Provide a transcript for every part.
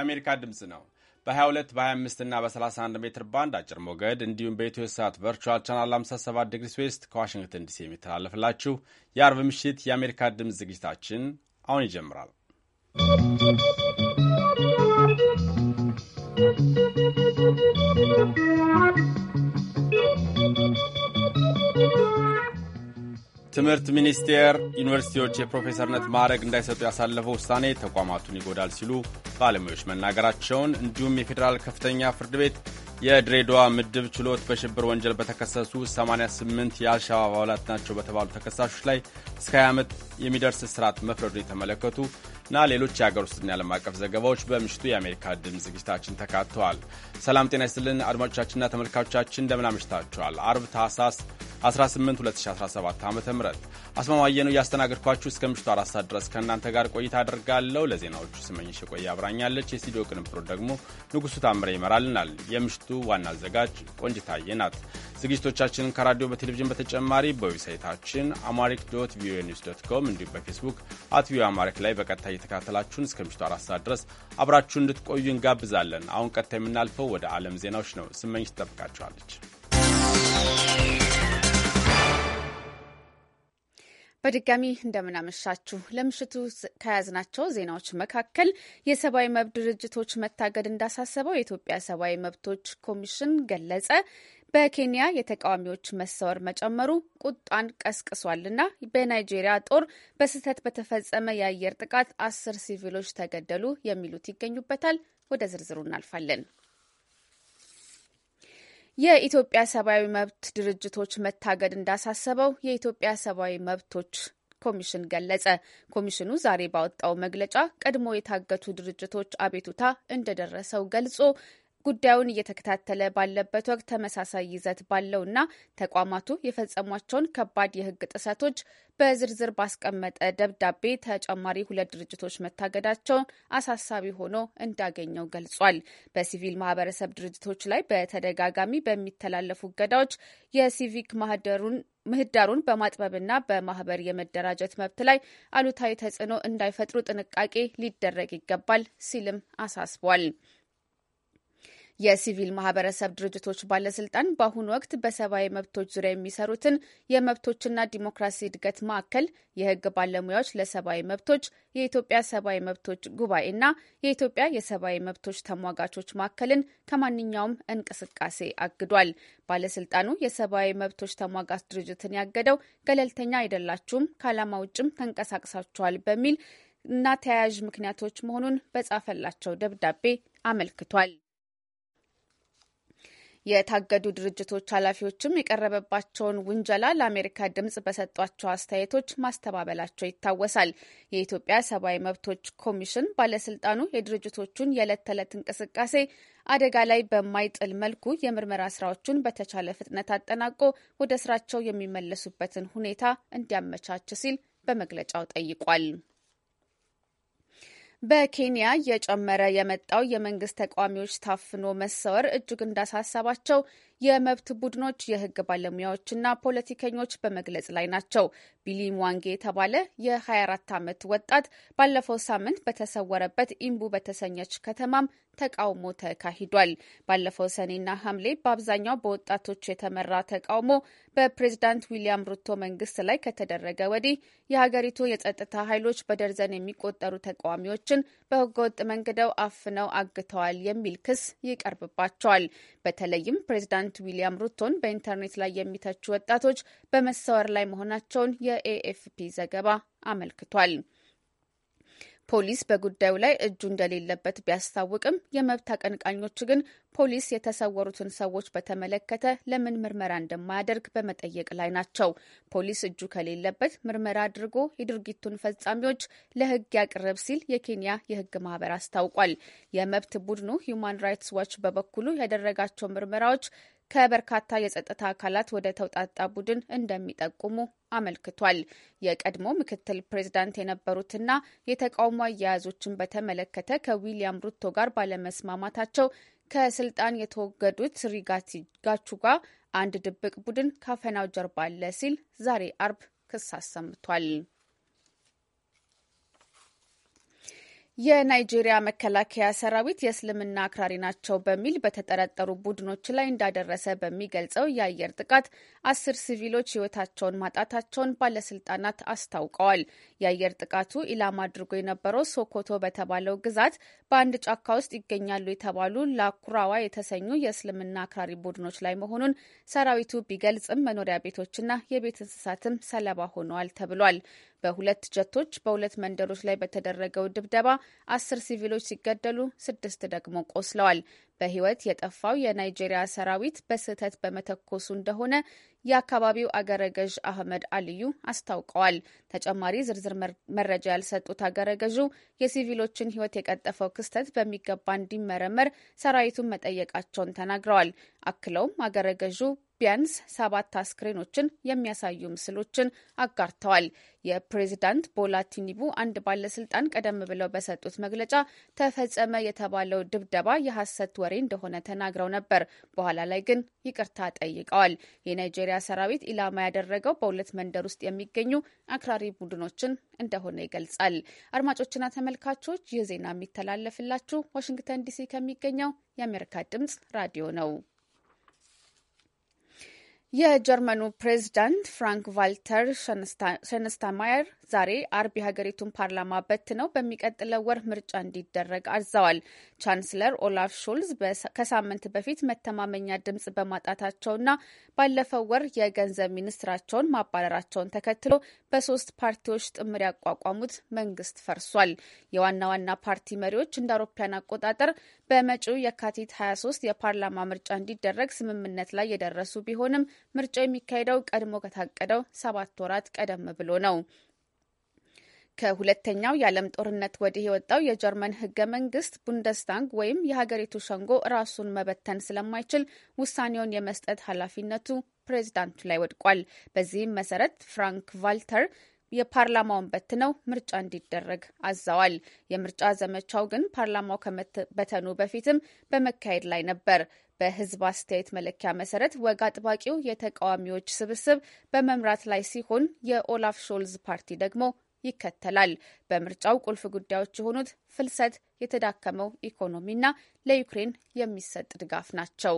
የአሜሪካ ድምፅ ነው። በ22 በ25 እና በ31 ሜትር ባንድ አጭር ሞገድ እንዲሁም በኢትዮ ሰዓት ቨርቹዋል ቻናል 57 ዲግሪ ስዌስት ከዋሽንግተን ዲሲ የሚተላለፍላችሁ የአርብ ምሽት የአሜሪካ ድምፅ ዝግጅታችን አሁን ይጀምራል። ¶¶ ትምህርት ሚኒስቴር ዩኒቨርሲቲዎች የፕሮፌሰርነት ማዕረግ እንዳይሰጡ ያሳለፈው ውሳኔ ተቋማቱን ይጎዳል ሲሉ ባለሙያዎች መናገራቸውን እንዲሁም የፌዴራል ከፍተኛ ፍርድ ቤት የድሬዳዋ ምድብ ችሎት በሽብር ወንጀል በተከሰሱ 88 የአልሸባብ አባላት ናቸው በተባሉ ተከሳሾች ላይ እስከ 20 ዓመት የሚደርስ እስራት መፍረዱን የተመለከቱ እና ሌሎች የሀገር ውስጥና ዓለም አቀፍ ዘገባዎች በምሽቱ የአሜሪካ ድምፅ ዝግጅታችን ተካተዋል። ሰላም ጤና ይስጥልን አድማጮቻችንና ተመልካቾቻችን እንደምን አምሽታችኋል። አርብ ታህሳስ 18 2017 ዓ ም አስማማየ ነው እያስተናገድኳችሁ እስከ ምሽቱ አራት ሰዓት ድረስ ከእናንተ ጋር ቆይታ አድርጋለሁ። ለዜናዎቹ ስመኝሽ ቆይ አብራኛለች። የስቱዲዮ ቅንብሮ ደግሞ ንጉሱ ታምረ ይመራልናል። የምሽቱ ዋና አዘጋጅ ቆንጅታዬ ናት። ዝግጅቶቻችንን ከራዲዮ በቴሌቪዥን በተጨማሪ በዌብሳይታችን አማሪክ ዶት ቪኦኤ ኒውስ ዶት ኮም እንዲሁም በፌስቡክ አት ቪኦኤ አማሪክ ላይ በቀጥታ እየተከታተላችሁን እስከ ምሽቱ አራት ሰዓት ድረስ አብራችሁ እንድትቆዩ እንጋብዛለን። አሁን ቀጥታ የምናልፈው ወደ ዓለም ዜናዎች ነው። ስመኝ ትጠብቃችኋለች። በድጋሚ እንደምናመሻችሁ ለምሽቱ ከያዝናቸው ዜናዎች መካከል የሰብአዊ መብት ድርጅቶች መታገድ እንዳሳሰበው የኢትዮጵያ ሰብአዊ መብቶች ኮሚሽን ገለጸ። በኬንያ የተቃዋሚዎች መሰወር መጨመሩ ቁጣን ቀስቅሷልና በናይጄሪያ ጦር በስህተት በተፈጸመ የአየር ጥቃት አስር ሲቪሎች ተገደሉ የሚሉት ይገኙበታል። ወደ ዝርዝሩ እናልፋለን። የኢትዮጵያ ሰብአዊ መብት ድርጅቶች መታገድ እንዳሳሰበው የኢትዮጵያ ሰብአዊ መብቶች ኮሚሽን ገለጸ። ኮሚሽኑ ዛሬ ባወጣው መግለጫ ቀድሞ የታገቱ ድርጅቶች አቤቱታ እንደደረሰው ገልጾ ጉዳዩን እየተከታተለ ባለበት ወቅት ተመሳሳይ ይዘት ባለውና ተቋማቱ የፈጸሟቸውን ከባድ የሕግ ጥሰቶች በዝርዝር ባስቀመጠ ደብዳቤ ተጨማሪ ሁለት ድርጅቶች መታገዳቸውን አሳሳቢ ሆኖ እንዳገኘው ገልጿል። በሲቪል ማህበረሰብ ድርጅቶች ላይ በተደጋጋሚ በሚተላለፉ እገዳዎች የሲቪክ ማህደሩን ምህዳሩን በማጥበብና በማህበር የመደራጀት መብት ላይ አሉታዊ ተጽዕኖ እንዳይፈጥሩ ጥንቃቄ ሊደረግ ይገባል ሲልም አሳስቧል። የሲቪል ማህበረሰብ ድርጅቶች ባለስልጣን በአሁኑ ወቅት በሰብአዊ መብቶች ዙሪያ የሚሰሩትን የመብቶችና ዲሞክራሲ እድገት ማዕከል፣ የህግ ባለሙያዎች ለሰብአዊ መብቶች፣ የኢትዮጵያ ሰብአዊ መብቶች ጉባኤና የኢትዮጵያ የሰብአዊ መብቶች ተሟጋቾች ማዕከልን ከማንኛውም እንቅስቃሴ አግዷል። ባለስልጣኑ የሰብአዊ መብቶች ተሟጋች ድርጅትን ያገደው ገለልተኛ አይደላችሁም፣ ከዓላማ ውጭም ተንቀሳቅሳችኋል በሚል እና ተያያዥ ምክንያቶች መሆኑን በጻፈላቸው ደብዳቤ አመልክቷል። የታገዱ ድርጅቶች ኃላፊዎችም የቀረበባቸውን ውንጀላ ለአሜሪካ ድምጽ በሰጧቸው አስተያየቶች ማስተባበላቸው ይታወሳል። የኢትዮጵያ ሰብአዊ መብቶች ኮሚሽን ባለስልጣኑ የድርጅቶቹን የዕለት ተዕለት እንቅስቃሴ አደጋ ላይ በማይጥል መልኩ የምርመራ ስራዎቹን በተቻለ ፍጥነት አጠናቆ ወደ ስራቸው የሚመለሱበትን ሁኔታ እንዲያመቻች ሲል በመግለጫው ጠይቋል። በኬንያ እየጨመረ የመጣው የመንግስት ተቃዋሚዎች ታፍኖ መሰወር እጅግ እንዳሳሰባቸው የመብት ቡድኖች የህግ ባለሙያዎችና ፖለቲከኞች በመግለጽ ላይ ናቸው። ቢሊ ዋንጌ የተባለ የ24 ዓመት ወጣት ባለፈው ሳምንት በተሰወረበት ኢምቡ በተሰኘች ከተማም ተቃውሞ ተካሂዷል። ባለፈው ሰኔና ሐምሌ በአብዛኛው በወጣቶች የተመራ ተቃውሞ በፕሬዝዳንት ዊሊያም ሩቶ መንግስት ላይ ከተደረገ ወዲህ የሀገሪቱ የጸጥታ ኃይሎች በደርዘን የሚቆጠሩ ተቃዋሚዎችን በህገወጥ መንገደው አፍነው አግተዋል የሚል ክስ ይቀርብባቸዋል። በተለይም ፕሬዝዳንት ፕሬዚዳንት ዊሊያም ሩቶን በኢንተርኔት ላይ የሚተቹ ወጣቶች በመሰወር ላይ መሆናቸውን የኤኤፍፒ ዘገባ አመልክቷል። ፖሊስ በጉዳዩ ላይ እጁ እንደሌለበት ቢያስታውቅም የመብት አቀንቃኞች ግን ፖሊስ የተሰወሩትን ሰዎች በተመለከተ ለምን ምርመራ እንደማያደርግ በመጠየቅ ላይ ናቸው። ፖሊስ እጁ ከሌለበት ምርመራ አድርጎ የድርጊቱን ፈጻሚዎች ለሕግ ያቅርብ ሲል የኬንያ የሕግ ማህበር አስታውቋል። የመብት ቡድኑ ሂዩማን ራይትስ ዋች በበኩሉ ያደረጋቸው ምርመራዎች ከበርካታ የጸጥታ አካላት ወደ ተውጣጣ ቡድን እንደሚጠቁሙ አመልክቷል። የቀድሞ ምክትል ፕሬዚዳንት የነበሩትና የተቃውሞ አያያዞችን በተመለከተ ከዊሊያም ሩቶ ጋር ባለመስማማታቸው ከስልጣን የተወገዱት ሪጋቲ ጋቹጋ አንድ ድብቅ ቡድን ካፈናው ጀርባ አለ ሲል ዛሬ አርብ ክስ አሰምቷል። የናይጄሪያ መከላከያ ሰራዊት የእስልምና አክራሪ ናቸው በሚል በተጠረጠሩ ቡድኖች ላይ እንዳደረሰ በሚገልጸው የአየር ጥቃት አስር ሲቪሎች ሕይወታቸውን ማጣታቸውን ባለስልጣናት አስታውቀዋል። የአየር ጥቃቱ ኢላማ አድርጎ የነበረው ሶኮቶ በተባለው ግዛት በአንድ ጫካ ውስጥ ይገኛሉ የተባሉ ላኩራዋ የተሰኙ የእስልምና አክራሪ ቡድኖች ላይ መሆኑን ሰራዊቱ ቢገልጽም መኖሪያ ቤቶችና የቤት እንስሳትም ሰለባ ሆነዋል ተብሏል። በሁለት ጀቶች በሁለት መንደሮች ላይ በተደረገው ድብደባ አስር ሲቪሎች ሲገደሉ ስድስት ደግሞ ቆስለዋል። በህይወት የጠፋው የናይጄሪያ ሰራዊት በስህተት በመተኮሱ እንደሆነ የአካባቢው አገረ ገዥ አህመድ አልዩ አስታውቀዋል። ተጨማሪ ዝርዝር መረጃ ያልሰጡት አገረ ገዡ የሲቪሎችን ህይወት የቀጠፈው ክስተት በሚገባ እንዲመረመር ሰራዊቱን መጠየቃቸውን ተናግረዋል። አክለውም አገረ ገዡ ቢያንስ ሰባት አስክሬኖችን የሚያሳዩ ምስሎችን አጋርተዋል። የፕሬዚዳንት ቦላ ቲኒቡ አንድ ባለስልጣን ቀደም ብለው በሰጡት መግለጫ ተፈጸመ የተባለው ድብደባ የሐሰት ወሬ እንደሆነ ተናግረው ነበር። በኋላ ላይ ግን ይቅርታ ጠይቀዋል። የናይጄሪያ ሰራዊት ኢላማ ያደረገው በሁለት መንደር ውስጥ የሚገኙ አክራሪ ቡድኖችን እንደሆነ ይገልጻል። አድማጮችና ተመልካቾች ይህ ዜና የሚተላለፍላችሁ ዋሽንግተን ዲሲ ከሚገኘው የአሜሪካ ድምጽ ራዲዮ ነው። የጀርመኑ ፕሬዝዳንት ፍራንክ ቫልተር ሸንስታማየር ዛሬ አርብ የሀገሪቱን ፓርላማ በትነው በሚቀጥለው ወር ምርጫ እንዲደረግ አዘዋል። ቻንስለር ኦላፍ ሾልዝ ከሳምንት በፊት መተማመኛ ድምጽ በማጣታቸውና ባለፈው ወር የገንዘብ ሚኒስትራቸውን ማባረራቸውን ተከትሎ በሶስት ፓርቲዎች ጥምር ያቋቋሙት መንግስት ፈርሷል። የዋና ዋና ፓርቲ መሪዎች እንደ አውሮፓያን አቆጣጠር በመጪው የካቲት 23 የፓርላማ ምርጫ እንዲደረግ ስምምነት ላይ የደረሱ ቢሆንም ምርጫው የሚካሄደው ቀድሞ ከታቀደው ሰባት ወራት ቀደም ብሎ ነው። ከሁለተኛው የዓለም ጦርነት ወዲህ የወጣው የጀርመን ህገ መንግስት ቡንደስታንግ ወይም የሀገሪቱ ሸንጎ ራሱን መበተን ስለማይችል ውሳኔውን የመስጠት ኃላፊነቱ ፕሬዚዳንቱ ላይ ወድቋል። በዚህም መሰረት ፍራንክ ቫልተር የፓርላማውን በትነው ምርጫ እንዲደረግ አዘዋል። የምርጫ ዘመቻው ግን ፓርላማው ከመበተኑ በፊትም በመካሄድ ላይ ነበር። በህዝብ አስተያየት መለኪያ መሰረት ወግ አጥባቂው የተቃዋሚዎች ስብስብ በመምራት ላይ ሲሆን የኦላፍ ሾልዝ ፓርቲ ደግሞ ይከተላል። በምርጫው ቁልፍ ጉዳዮች የሆኑት ፍልሰት፣ የተዳከመው ኢኮኖሚና ለዩክሬን የሚሰጥ ድጋፍ ናቸው።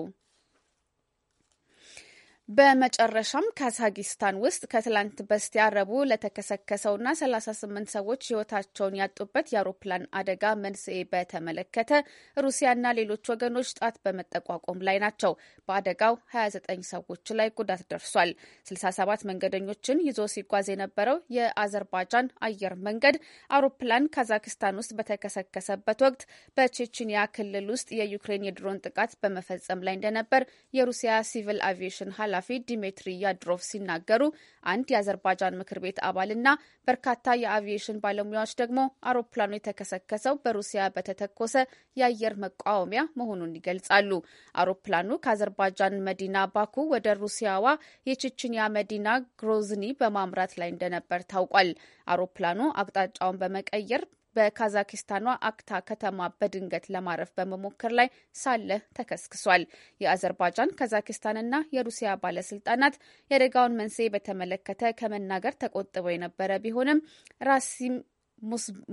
በመጨረሻም ካዛኪስታን ውስጥ ከትላንት በስቲያ ረቡዕ ለተከሰከሰውና 38 ሰዎች ሕይወታቸውን ያጡበት የአውሮፕላን አደጋ መንስኤ በተመለከተ ሩሲያና ሌሎች ወገኖች ጣት በመጠቋቆም ላይ ናቸው። በአደጋው 29 ሰዎች ላይ ጉዳት ደርሷል። 67 መንገደኞችን ይዞ ሲጓዝ የነበረው የአዘርባጃን አየር መንገድ አውሮፕላን ካዛኪስታን ውስጥ በተከሰከሰበት ወቅት በቼችንያ ክልል ውስጥ የዩክሬን የድሮን ጥቃት በመፈጸም ላይ እንደነበር የሩሲያ ሲቪል አቪዬሽን ኃላፊ ኃላፊ ዲሜትሪ ያድሮቭ ሲናገሩ አንድ የአዘርባጃን ምክር ቤት አባልና በርካታ የአቪዬሽን ባለሙያዎች ደግሞ አውሮፕላኑ የተከሰከሰው በሩሲያ በተተኮሰ የአየር መቃወሚያ መሆኑን ይገልጻሉ። አውሮፕላኑ ከአዘርባጃን መዲና ባኩ ወደ ሩሲያዋ የቼችንያ መዲና ግሮዝኒ በማምራት ላይ እንደነበር ታውቋል። አውሮፕላኑ አቅጣጫውን በመቀየር በካዛኪስታኗ አክታ ከተማ በድንገት ለማረፍ በመሞከር ላይ ሳለ ተከስክሷል። የአዘርባጃን ካዛኪስታንና የሩሲያ ባለስልጣናት የአደጋውን መንስኤ በተመለከተ ከመናገር ተቆጥበው የነበረ ቢሆንም ራሲም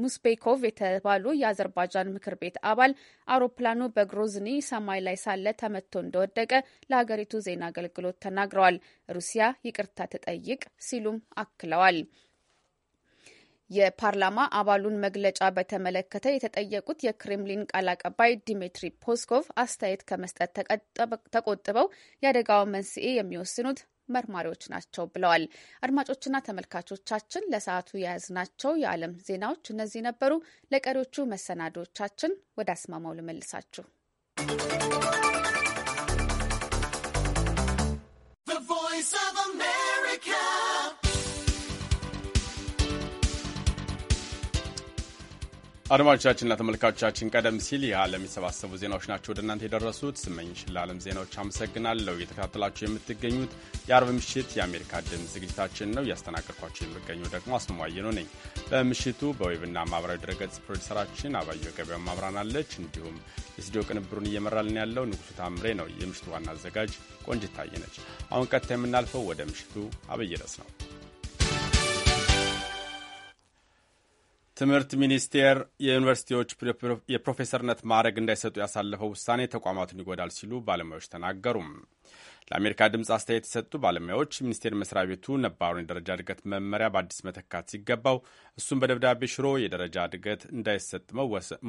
ሙስቤኮቭ የተባሉ የአዘርባጃን ምክር ቤት አባል አውሮፕላኑ በግሮዝኒ ሰማይ ላይ ሳለ ተመቶ እንደወደቀ ለሀገሪቱ ዜና አገልግሎት ተናግረዋል። ሩሲያ ይቅርታ ትጠይቅ ሲሉም አክለዋል። የፓርላማ አባሉን መግለጫ በተመለከተ የተጠየቁት የክሬምሊን ቃል አቀባይ ዲሚትሪ ፖስኮቭ አስተያየት ከመስጠት ተቆጥበው የአደጋውን መንስኤ የሚወስኑት መርማሪዎች ናቸው ብለዋል። አድማጮችና ተመልካቾቻችን ለሰዓቱ የያዝናቸው የዓለም ዜናዎች እነዚህ ነበሩ። ለቀሪዎቹ መሰናዶቻችን ወደ አስማማው ልመልሳችሁ። አድማጮቻችንና ተመልካቾቻችን ቀደም ሲል የዓለም የተሰባሰቡ ዜናዎች ናቸው ወደ እናንተ የደረሱት። ስመኝሽ ለዓለም ዜናዎች አመሰግናለሁ። እየተከታተላችሁ የምትገኙት የአርብ ምሽት የአሜሪካ ድምፅ ዝግጅታችን ነው። እያስተናገድኳቸው የምገኘው ደግሞ አስማማየ ነው ነኝ። በምሽቱ በዌብና ማህበራዊ ድረገጽ ፕሮዲሰራችን አባየሁ ገበያ ማብራናለች። እንዲሁም የስቱዲዮ ቅንብሩን እየመራልን ያለው ንጉሱ ታምሬ ነው። የምሽቱ ዋና አዘጋጅ ቆንጅት አሁን ቀጥታ የምናልፈው ወደ ምሽቱ አብይ ርዕስ ነው። ትምህርት ሚኒስቴር የዩኒቨርሲቲዎች የፕሮፌሰርነት ማዕረግ እንዳይሰጡ ያሳለፈው ውሳኔ ተቋማቱን ይጎዳል ሲሉ ባለሙያዎች ተናገሩም። ለአሜሪካ ድምፅ አስተያየት የሰጡ ባለሙያዎች ሚኒስቴር መስሪያ ቤቱ ነባሩን የደረጃ እድገት መመሪያ በአዲስ መተካት ሲገባው እሱም በደብዳቤ ሽሮ የደረጃ እድገት እንዳይሰጥ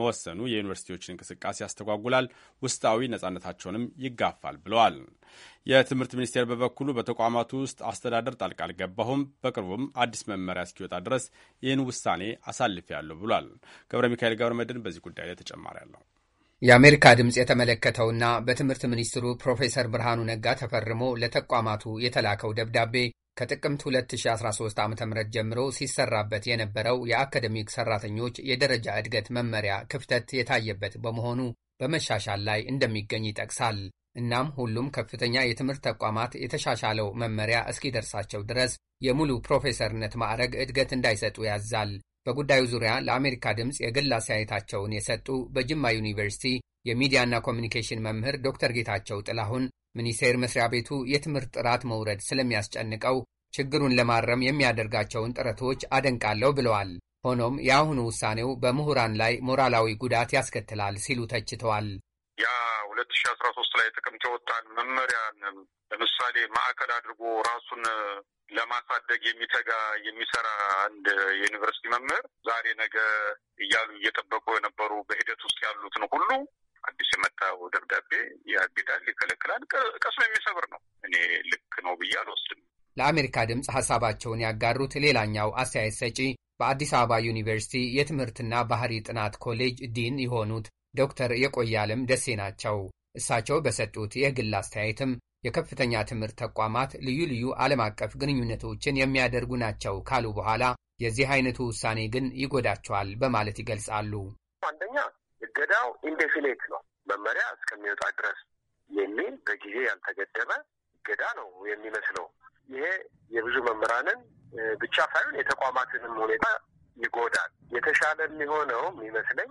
መወሰኑ የዩኒቨርሲቲዎችን እንቅስቃሴ ያስተጓጉላል፣ ውስጣዊ ነጻነታቸውንም ይጋፋል ብለዋል። የትምህርት ሚኒስቴር በበኩሉ በተቋማቱ ውስጥ አስተዳደር ጣልቃ አልገባሁም፣ በቅርቡም አዲስ መመሪያ እስኪወጣ ድረስ ይህን ውሳኔ አሳልፌያለሁ ብሏል። ገብረ ሚካኤል ገብረ መድን በዚህ ጉዳይ ላይ ተጨማሪ አለው። የአሜሪካ ድምፅ የተመለከተውና በትምህርት ሚኒስትሩ ፕሮፌሰር ብርሃኑ ነጋ ተፈርሞ ለተቋማቱ የተላከው ደብዳቤ ከጥቅምት 2013 ዓ ም ጀምሮ ሲሰራበት የነበረው የአካደሚክ ሰራተኞች የደረጃ እድገት መመሪያ ክፍተት የታየበት በመሆኑ በመሻሻል ላይ እንደሚገኝ ይጠቅሳል። እናም ሁሉም ከፍተኛ የትምህርት ተቋማት የተሻሻለው መመሪያ እስኪደርሳቸው ድረስ የሙሉ ፕሮፌሰርነት ማዕረግ እድገት እንዳይሰጡ ያዛል። በጉዳዩ ዙሪያ ለአሜሪካ ድምፅ የግል አስተያየታቸውን የሰጡ በጅማ ዩኒቨርሲቲ የሚዲያና ኮሚኒኬሽን መምህር ዶክተር ጌታቸው ጥላሁን ሚኒስቴር መስሪያ ቤቱ የትምህርት ጥራት መውረድ ስለሚያስጨንቀው ችግሩን ለማረም የሚያደርጋቸውን ጥረቶች አደንቃለሁ ብለዋል። ሆኖም የአሁኑ ውሳኔው በምሁራን ላይ ሞራላዊ ጉዳት ያስከትላል ሲሉ ተችተዋል። ያ ሁለት ሺ አስራ ሶስት ላይ ጥቅምት የወጣን መመሪያን ለምሳሌ ማዕከል አድርጎ ራሱን ለማሳደግ የሚተጋ የሚሰራ አንድ የዩኒቨርሲቲ መምህር ዛሬ ነገ እያሉ እየጠበቁ የነበሩ በሂደት ውስጥ ያሉትን ሁሉ አዲስ የመጣው ደብዳቤ ያግዳል፣ ይከለክላል። ቀስሞ የሚሰብር ነው። እኔ ልክ ነው ብዬ አልወስድም። ለአሜሪካ ድምፅ ሀሳባቸውን ያጋሩት ሌላኛው አስተያየት ሰጪ በአዲስ አበባ ዩኒቨርሲቲ የትምህርትና ባህሪ ጥናት ኮሌጅ ዲን የሆኑት ዶክተር የቆያለም ደሴ ናቸው። እሳቸው በሰጡት የግል አስተያየትም የከፍተኛ ትምህርት ተቋማት ልዩ ልዩ ዓለም አቀፍ ግንኙነቶችን የሚያደርጉ ናቸው ካሉ በኋላ የዚህ አይነቱ ውሳኔ ግን ይጎዳቸዋል በማለት ይገልጻሉ። አንደኛ እገዳው ኢንዴፊኔት ነው፣ መመሪያ እስከሚወጣ ድረስ የሚል በጊዜ ያልተገደበ እገዳ ነው የሚመስለው። ይሄ የብዙ መምህራንን ብቻ ሳይሆን የተቋማትንም ሁኔታ ይጎዳል። የተሻለ የሚሆነው የሚመስለኝ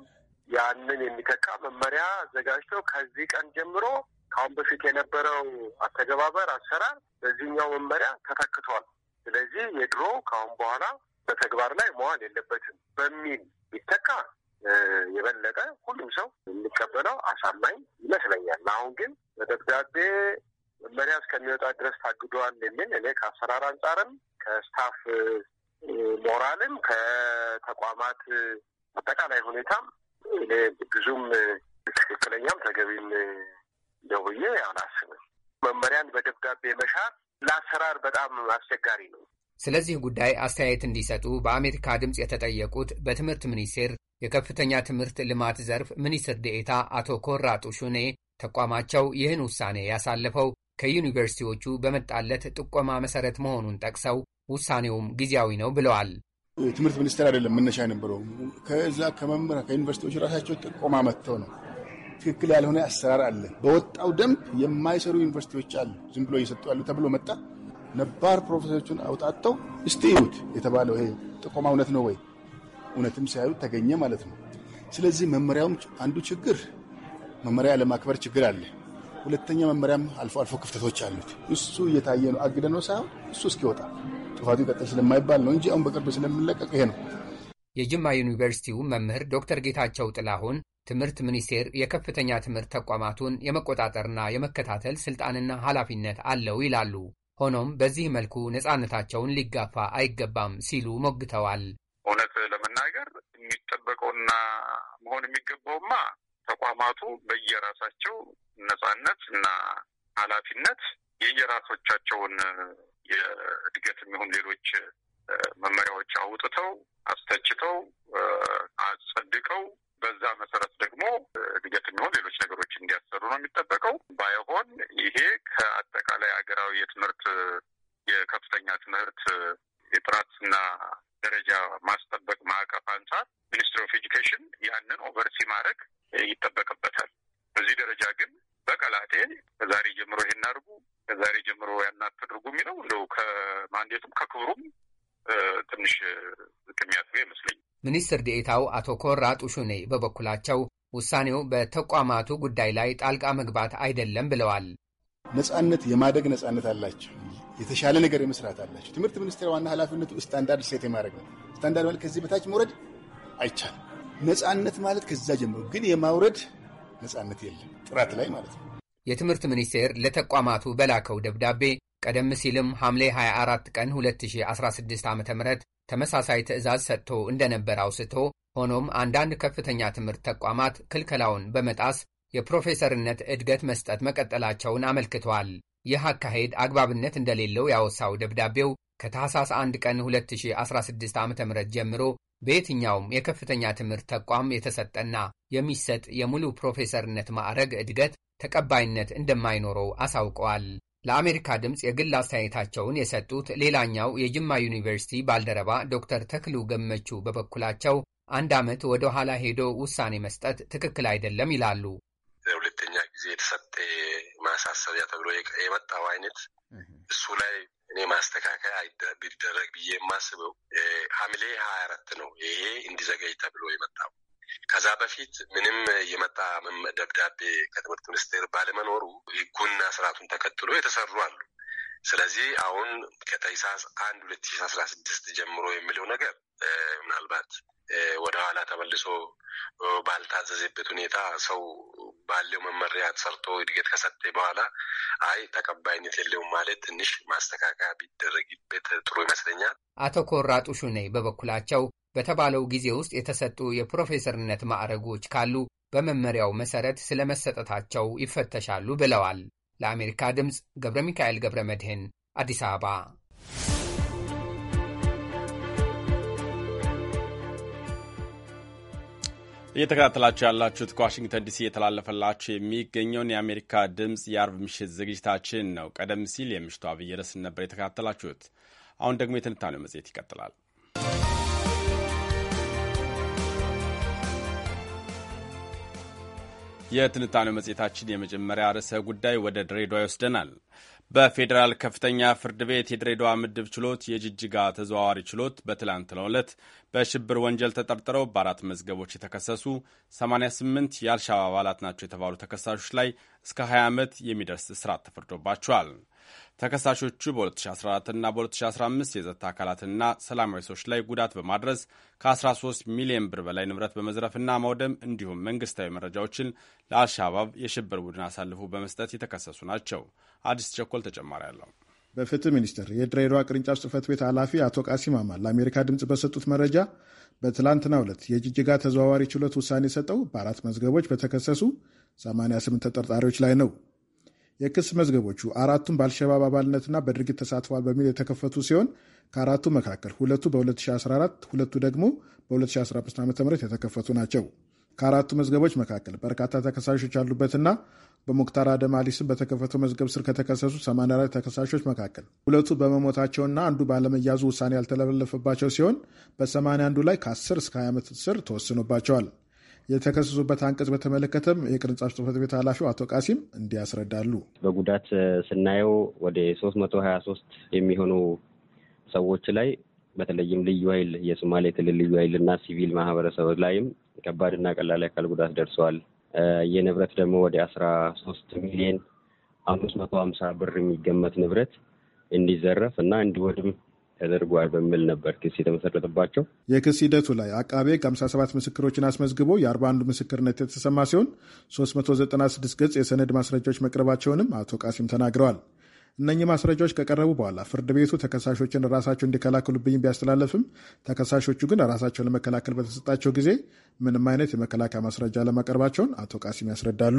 ያንን የሚተካ መመሪያ አዘጋጅተው ከዚህ ቀን ጀምሮ ከአሁን በፊት የነበረው አተገባበር አሰራር በዚህኛው መመሪያ ተተክቷል። ስለዚህ የድሮ ከአሁን በኋላ በተግባር ላይ መዋል የለበትም በሚል ይተካ የበለጠ ሁሉም ሰው የሚቀበለው አሳማኝ ይመስለኛል። አሁን ግን በደብዳቤ መመሪያ እስከሚወጣ ድረስ ታግዷል የሚል እኔ ከአሰራር አንጻርም ከስታፍ ሞራልም ከተቋማት አጠቃላይ ሁኔታም እኔ ብዙም ትክክለኛም ተገቢም ነው ብዬ አላስብም። መመሪያን በደብዳቤ መሻር ለአሰራር በጣም አስቸጋሪ ነው። ስለዚህ ጉዳይ አስተያየት እንዲሰጡ በአሜሪካ ድምፅ የተጠየቁት በትምህርት ሚኒስቴር የከፍተኛ ትምህርት ልማት ዘርፍ ሚኒስትር ዴኤታ አቶ ኮራ ጡሹኔ ተቋማቸው ይህን ውሳኔ ያሳለፈው ከዩኒቨርሲቲዎቹ በመጣለት ጥቆማ መሰረት መሆኑን ጠቅሰው ውሳኔውም ጊዜያዊ ነው ብለዋል። ትምህርት ሚኒስቴር አይደለም መነሻ የነበረው ከዛ ከመምህራን ከዩኒቨርሲቲዎች ራሳቸው ጥቆማ መጥተው ነው ትክክል ያልሆነ አሰራር አለ። በወጣው ደንብ የማይሰሩ ዩኒቨርሲቲዎች አሉ። ዝም ብሎ እየሰጡ ያሉ ተብሎ መጣ። ነባር ፕሮፌሰሮቹን አውጣተው እስቲ እዩት የተባለው ይሄ ጥቆማ እውነት ነው ወይ? እውነትም ሲያዩ ተገኘ ማለት ነው። ስለዚህ መመሪያውም አንዱ ችግር መመሪያ ለማክበር ችግር አለ። ሁለተኛ መመሪያም አልፎ አልፎ ክፍተቶች አሉት። እሱ እየታየ ነው። አግደ ነው ሳይሆን እሱ እስኪወጣ ጥፋቱ ይቀጥል ስለማይባል ነው እንጂ አሁን በቅርብ ስለምንለቀቅ ይሄ ነው። የጅማ ዩኒቨርሲቲው መምህር ዶክተር ጌታቸው ጥላሁን ትምህርት ሚኒስቴር የከፍተኛ ትምህርት ተቋማቱን የመቆጣጠርና የመከታተል ስልጣንና ኃላፊነት አለው ይላሉ። ሆኖም በዚህ መልኩ ነፃነታቸውን ሊጋፋ አይገባም ሲሉ ሞግተዋል። እውነት ለመናገር የሚጠበቀውና መሆን የሚገባውማ ተቋማቱ በየራሳቸው ነፃነት እና ኃላፊነት የየራሶቻቸውን የእድገት የሚሆን ሌሎች መመሪያዎች አውጥተው አስተችተው አጸድቀው በዛ መሰረት ደግሞ እድገት የሚሆን ሌሎች ነገሮች እንዲያሰሩ ነው የሚጠበቀው። ባይሆን ይሄ ከአጠቃላይ ሀገራዊ የትምህርት የከፍተኛ ትምህርት የጥራትና ደረጃ ማስጠበቅ ማዕቀፍ አንጻር ሚኒስትሪ ኦፍ ኤጁኬሽን ያንን ኦቨርሲ ማድረግ ይጠበቅበታል። በዚህ ደረጃ ግን በቀላጤ ከዛሬ ጀምሮ ይሄን አድርጉ፣ ከዛሬ ጀምሮ ያናትድርጉ የሚለው እንደው ከማንዴቱም ከክብሩም ትንሽ ጥቅም ያለው ይመስለኛል። ሚኒስትር ዴኤታው አቶ ኮራ ጡሹኔ በበኩላቸው ውሳኔው በተቋማቱ ጉዳይ ላይ ጣልቃ መግባት አይደለም ብለዋል። ነጻነት የማደግ ነጻነት አላቸው። የተሻለ ነገር የመስራት አላቸው። ትምህርት ሚኒስቴር ዋና ኃላፊነቱ ስታንዳርድ ሴት የማድረግ ነው። ስታንዳርድ ማለት ከዚህ በታች መውረድ አይቻልም። ነጻነት ማለት ከዛ ጀምሮ ግን የማውረድ ነጻነት የለም፣ ጥራት ላይ ማለት ነው። የትምህርት ሚኒስቴር ለተቋማቱ በላከው ደብዳቤ ቀደም ሲልም ሐምሌ 24 ቀን 2016 ዓ ም ተመሳሳይ ትዕዛዝ ሰጥቶ እንደነበር አውስቶ ሆኖም አንዳንድ ከፍተኛ ትምህርት ተቋማት ክልከላውን በመጣስ የፕሮፌሰርነት ዕድገት መስጠት መቀጠላቸውን አመልክቷል። ይህ አካሄድ አግባብነት እንደሌለው ያወሳው ደብዳቤው ከታህሳስ 1 ቀን 2016 ዓ ም ጀምሮ በየትኛውም የከፍተኛ ትምህርት ተቋም የተሰጠና የሚሰጥ የሙሉ ፕሮፌሰርነት ማዕረግ ዕድገት ተቀባይነት እንደማይኖረው አሳውቀዋል። ለአሜሪካ ድምፅ የግል አስተያየታቸውን የሰጡት ሌላኛው የጅማ ዩኒቨርሲቲ ባልደረባ ዶክተር ተክሉ ገመቹ በበኩላቸው አንድ ዓመት ወደ ኋላ ሄዶ ውሳኔ መስጠት ትክክል አይደለም ይላሉ። ሁለተኛ ጊዜ የተሰጠ ማሳሰቢያ ተብሎ የመጣው አይነት እሱ ላይ እኔ ማስተካከያ ቢደረግ ብዬ የማስበው ሐምሌ ሀያ አራት ነው ይሄ እንዲዘገይ ተብሎ የመጣው ከዛ በፊት ምንም የመጣ ደብዳቤ ከትምህርት ሚኒስቴር ባለመኖሩ ህጉና ስርዓቱን ተከትሎ የተሰሩ አሉ። ስለዚህ አሁን ከተይሳስ አንድ ሁለት ሺ አስራ ስድስት ጀምሮ የሚለው ነገር ምናልባት ወደኋላ ተመልሶ ባልታዘዘበት ሁኔታ ሰው ባለው መመሪያ ተሰርቶ እድገት ከሰጠ በኋላ አይ ተቀባይነት የለውም ማለት ትንሽ ማስተካከያ ቢደረግበት ጥሩ ይመስለኛል። አቶ ኮራጡሹ ነይ በበኩላቸው በተባለው ጊዜ ውስጥ የተሰጡ የፕሮፌሰርነት ማዕረጎች ካሉ በመመሪያው መሰረት ስለ መሰጠታቸው ይፈተሻሉ ብለዋል። ለአሜሪካ ድምፅ ገብረ ሚካኤል ገብረ መድህን አዲስ አበባ። እየተከታተላችሁ ያላችሁት ከዋሽንግተን ዲሲ እየተላለፈላችሁ የሚገኘውን የአሜሪካ ድምፅ የአርብ ምሽት ዝግጅታችን ነው። ቀደም ሲል የምሽቱ አብይ ርዕስ ነበር የተከታተላችሁት። አሁን ደግሞ የትንታኔው መጽሔት ይቀጥላል። የትንታኔው መጽሔታችን የመጀመሪያ ርዕሰ ጉዳይ ወደ ድሬዳዋ ይወስደናል። በፌዴራል ከፍተኛ ፍርድ ቤት የድሬዳዋ ምድብ ችሎት የጅጅጋ ተዘዋዋሪ ችሎት በትላንትናው ዕለት በሽብር ወንጀል ተጠርጥረው በአራት መዝገቦች የተከሰሱ 88 የአልሻባብ አባላት ናቸው የተባሉ ተከሳሾች ላይ እስከ 20 ዓመት የሚደርስ እስራት ተፈርዶባቸዋል። ተከሳሾቹ በ2014 ና በ2015 የጸጥታ አካላትና ሰላማዊ ሰዎች ላይ ጉዳት በማድረስ ከ13 ሚሊዮን ብር በላይ ንብረት በመዝረፍና ማውደም እንዲሁም መንግስታዊ መረጃዎችን ለአልሻባብ የሽብር ቡድን አሳልፎ በመስጠት የተከሰሱ ናቸው። አዲስ ቸኮል ተጨማሪ አለው። በፍትህ ሚኒስቴር የድሬዳዋ ቅርንጫፍ ጽህፈት ቤት ኃላፊ አቶ ቃሲም አማ ለአሜሪካ ድምፅ በሰጡት መረጃ በትላንትናው ዕለት የጅጅጋ ተዘዋዋሪ ችሎት ውሳኔ ሰጠው በአራት መዝገቦች በተከሰሱ 88 ተጠርጣሪዎች ላይ ነው። የክስ መዝገቦቹ አራቱም በአልሸባብ አባልነትና በድርጊት ተሳትፏል በሚል የተከፈቱ ሲሆን ከአራቱ መካከል ሁለቱ በ2014 ሁለቱ ደግሞ በ2015 ዓ ም የተከፈቱ ናቸው። ከአራቱ መዝገቦች መካከል በርካታ ተከሳሾች ያሉበትና በሙክታር አደማሊስም ስም በተከፈተው መዝገብ ስር ከተከሰሱ 84 ተከሳሾች መካከል ሁለቱ በመሞታቸውና አንዱ ባለመያዙ ውሳኔ ያልተላለፈባቸው ሲሆን በ 81 ላይ ከ10 እስከ 20 ዓመት ስር ተወስኖባቸዋል። የተከሰሱበት አንቀጽ በተመለከተም የቅርንጫፍ ጽህፈት ቤት ኃላፊው አቶ ቃሲም እንዲያስረዳሉ በጉዳት ስናየው ወደ ሶስት መቶ ሀያ ሶስት የሚሆኑ ሰዎች ላይ በተለይም ልዩ ኃይል የሶማሌ ክልል ልዩ ኃይልና ሲቪል ማህበረሰብ ላይም ከባድና ቀላል አካል ጉዳት ደርሰዋል። የንብረት ደግሞ ወደ አስራ ሶስት ሚሊዮን አምስት መቶ ሀምሳ ብር የሚገመት ንብረት እንዲዘረፍ እና እንዲወድም ተደርጓል በሚል ነበር ክስ የተመሰረተባቸው። የክስ ሂደቱ ላይ አቃቤ ሕግ 57 ምስክሮችን አስመዝግቦ የ41ዱ ምስክርነት የተሰማ ሲሆን 396 ገጽ የሰነድ ማስረጃዎች መቅረባቸውንም አቶ ቃሲም ተናግረዋል። እነኚህ ማስረጃዎች ከቀረቡ በኋላ ፍርድ ቤቱ ተከሳሾችን ራሳቸው እንዲከላከሉብኝ ቢያስተላለፍም ተከሳሾቹ ግን ራሳቸውን ለመከላከል በተሰጣቸው ጊዜ ምንም አይነት የመከላከያ ማስረጃ ለማቀርባቸውን አቶ ቃሲም ያስረዳሉ።